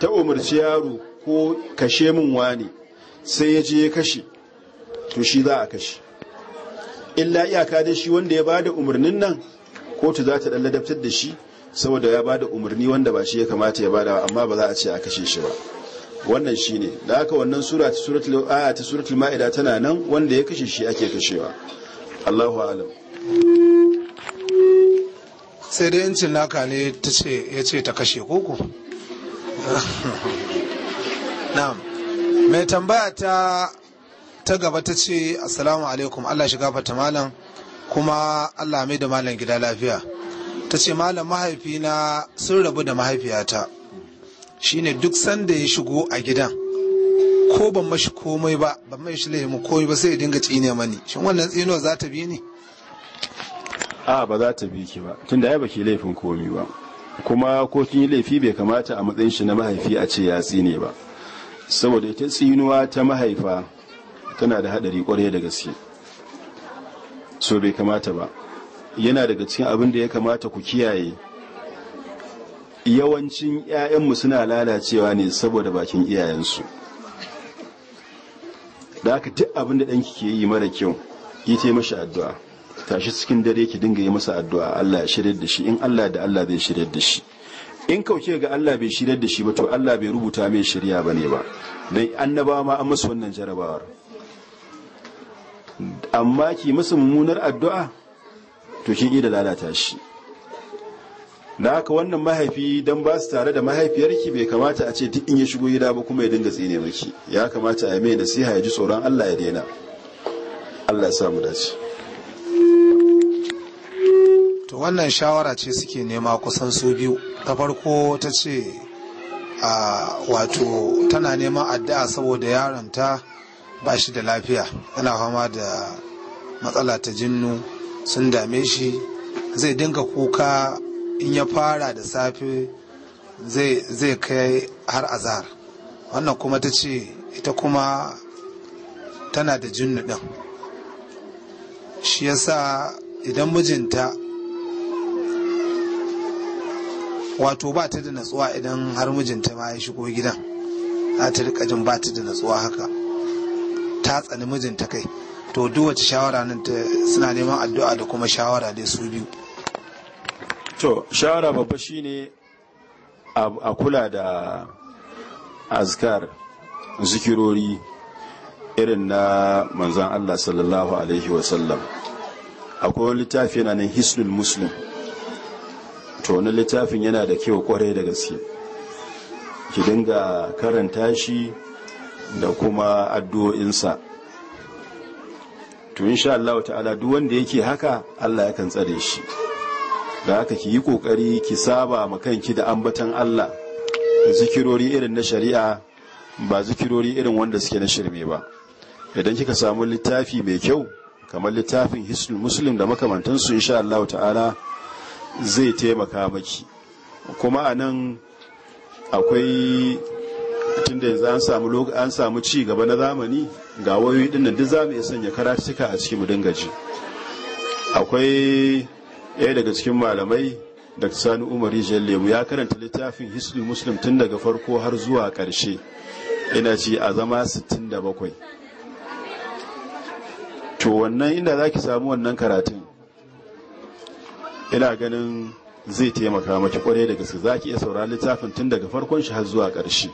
ta umarci yaro ko kashe min wani sai ya je ya kashe to shi za a kashe illa iyaka da shi wanda ya bada umarnin nan kotu za ta ɗan ladabtar da shi saboda ya bada umarni wanda ba shi ya kamata ya bada amma ba za a ce a kashe shi ba wannan shine da haka wannan sura ta suratul aya ta suratul maida tana nan wanda ya kashe shi ake kashewa Allahu a'lam sai dai yancin naka ne ta ce ya ce ta kashe koko na'am mai tambaya ta ta gaba ta ce assalamu alaikum Allah shiga fata malam kuma Allah mai da malam gida lafiya ta ce malam mahaifina sun rabu da mahaifiyata shine duk sanda ya shigo a gidan ko ban mashi komai ba ban mai shi lemu komai ba sai ya dinga tsine mani shin wannan tsinuwa za ta bi ni a ba za ta bi ki ba tunda ai baki laifin komai ba kuma ko kin yi laifi bai kamata a matsayin shi na mahaifi a ce ya tsine ba saboda ta tsinuwa ta mahaifa tana da haɗari kwarai da gaske so bai kamata ba yana daga cikin abin da ya kamata ku kiyaye yawancin 'ya'yanmu suna lalacewa ne saboda bakin iyayensu da haka duk abin da ɗanki ke yi mara kyau yi ta mashi addu'a tashi cikin dare ki dinga yi masa addu'a Allah ya shirya da shi in Allah da Allah zai shirya da shi in kauke ga Allah bai shirya da shi ba to Allah bai rubuta mai shirya ba ne ba Don annabawa ma an masu wannan jarabawar amma ki masa mummunar addu'a to ki iya lalata shi na haka wannan mahaifi don ba su tare da mahaifiyarki bai kamata a ce duk in ya shigo gida ba kuma ya dinga tsine maki ya kamata a yi mai nasiha ya ji tsoron Allah ya daina Allah ya samu dace to wannan shawara ce suke nema kusan su biyu ta farko ta ce a wato tana neman addu'a saboda yaron ta ba shi da lafiya yana fama da matsala ta jinnu sun dame shi zai dinga kuka in ya fara da safe zai kai har azar wannan kuma ta ce ita kuma tana da jinnu ɗin shi yasa idan mijinta wato ba ta da natsuwa idan har mijinta ma ya shigo gidan za ta rika jin ba ta da natsuwa haka ta tsani mijinta kai to duk wace shawara nan suna neman addu'a da kuma shawara dai su biyu to shawara babba shine a kula da azkar zikirori irin na manzan Allah sallallahu alaihi wasallam akwai littafi na nan hisnul muslim to wani littafin yana da kyau kwarai da gaske ki dinga karanta shi da kuma addu'o'insa to insha Allah ta'ala duk wanda yake haka Allah yakan tsare shi da haka ki yi kokari ki saba ma kanki da ambatan Allah zikirori irin na shari'a ba zikirori irin wanda suke na shirme ba idan kika samu littafi mai kyau kamar littafin hisnul muslim da makamantansu insha Allah ta'ala zai taimaka maki kuma anan akwai tunda yanzu an samu ci gaba na zamani ga wayoyi din nan duk za mu iya sanya karatuka a cikin mu dinga ji akwai ɗaya daga cikin malamai da sani umari lemu ya karanta littafin history muslim tun daga farko har zuwa ƙarshe ina ci a zama 67 to wannan inda za ki samu wannan karatun ina ganin zai taimaka maki kwarai da gaske za ki iya saurari littafin tun daga farkon shi har zuwa ƙarshe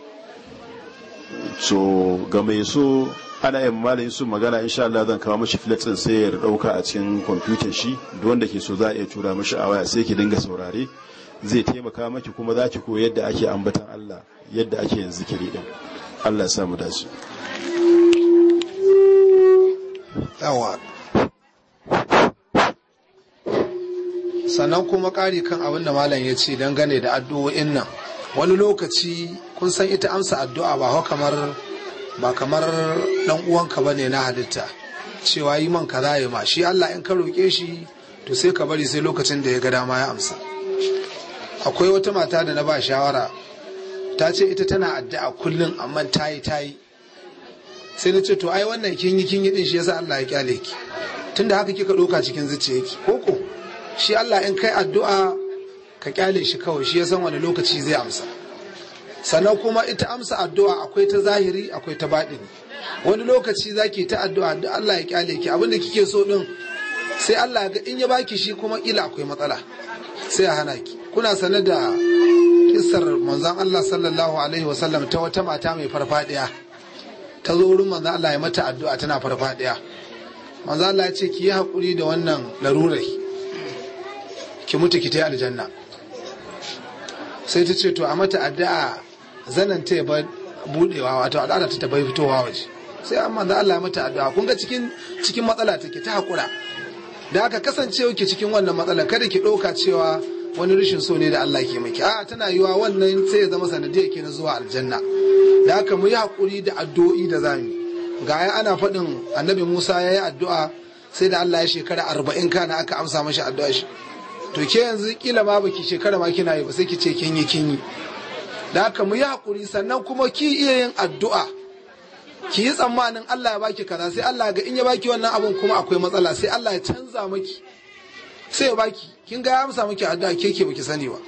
so ga mai so ana yin malayin su magana insha Allah zan kawo mashi flat sai ya dauka a cikin kwamfutar shi duk wanda ke so za a iya tura mashi a waya sai ki dinga saurare zai taimaka maki kuma za ki koyi yadda ake ambatan Allah yadda ake yin zikiri din Allah ya sa mu dace yawa sannan kuma kari kan abin da malam ya ce dangane da addu'o'in nan wani lokaci kun san ita amsa addu'a ba kamar ba kamar dan uwanka bane na halitta cewa yi man kaza ya ma shi Allah in ka roke shi to sai ka bari sai lokacin da ya ga dama ya amsa akwai wata mata da na ba shawara ta ce ita tana addu'a kullum amma tayi tayi sai na ce to ai wannan kin yi kin yi din shi yasa Allah ya kyale ki tunda haka kika doka cikin ki koko shi Allah in kai addu'a ka kyale shi kawai shi ya san wani lokaci zai amsa sannan kuma ita amsa addu'a akwai ta zahiri akwai ta baɗini wani lokaci za ki ta addu'a da Allah ya kyale ki abinda kike so din sai Allah ga in ya baki shi kuma ila akwai matsala sai ya hana ki kuna sane da kissar manzon Allah sallallahu alaihi wasallam ta wata mata mai farfadiya ta zo wurin manzon Allah ya mata addu'a tana farfadiya manzon Allah ya ce ki yi hakuri da wannan larurai ki mutu ki yi aljanna sai ta ce to a mata addu'a zanen ta ba budewa wato al'ada ta bai fitowa waje sai an manzo Allah ya mata addu'a kun ga cikin cikin matsala take ta hakura da aka kasance yake cikin wannan matsalan kada ki ɗauka cewa wani rashin so ne da Allah ke miki a tana yiwa wannan sai ya zama sanadiyar ke na zuwa aljanna da aka mu yi hakuri da addu'o'i da zamu ga ya ana faɗin annabi Musa ya yi addu'a sai da Allah ya shekara arba'in kana aka amsa mashi addu'a shi to ke yanzu kila ma baki shekara ma kina yi ba sai ki ce kin yi kin yi da haka mu yi hakuri sannan kuma ki iya yin addu'a ki yi tsammanin Allah ya baki kaza sai Allah ga in ya baki wannan abun kuma akwai matsala sai Allah ya canza miki sai ya baki kin ga ya amsa miki addu'a ke ke baki sani ba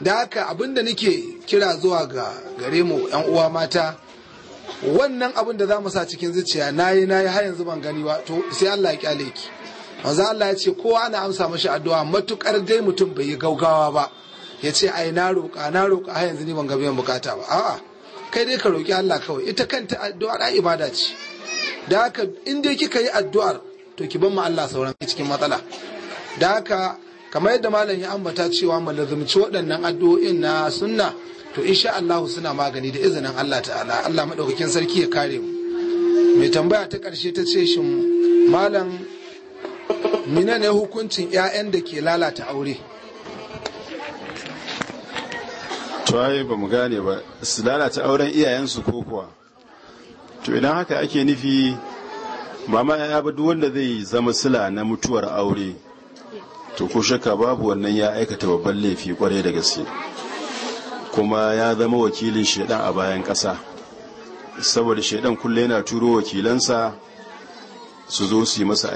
da haka abinda nake kira zuwa ga gare mu yan uwa mata wannan abin da za mu sa cikin zuciya nayi nayi har yanzu ban gani ba to sai Allah ya kyale ki manzo Allah ya ce kowa ana amsa mashi addu'a matukar dai mutum bai yi gaugawa ba ya ce ai na roƙa na roƙa har yanzu ni ban ga biyan bukata ba a'a kai dai ka roƙi Allah kawai ita kanta addu'a da ibada ce da haka in dai kika yi addu'ar to ki ban ma Allah sauran cikin matsala da haka kamar yadda malam ya ambata cewa malazumci waɗannan addu'o'in na sunna to insha Allah suna magani da izinin Allah ta'ala Allah madaukakin sarki ya kare mu mai tambaya ta ƙarshe ta ce shin malam mina ne hukuncin 'ya'yan da ke lalata aure to ba mu gane ba su lalata auren iyayensu ko kuwa to idan haka ake nufi ba ma ya ba duk wanda zai zama sila na mutuwar aure to ko shakka babu wannan ya aikata babban laifi kwarai da gaske kuma ya zama wakilin shaidan a bayan kasa saboda shaidan kullum yana turo wakilansa su zo su yi masa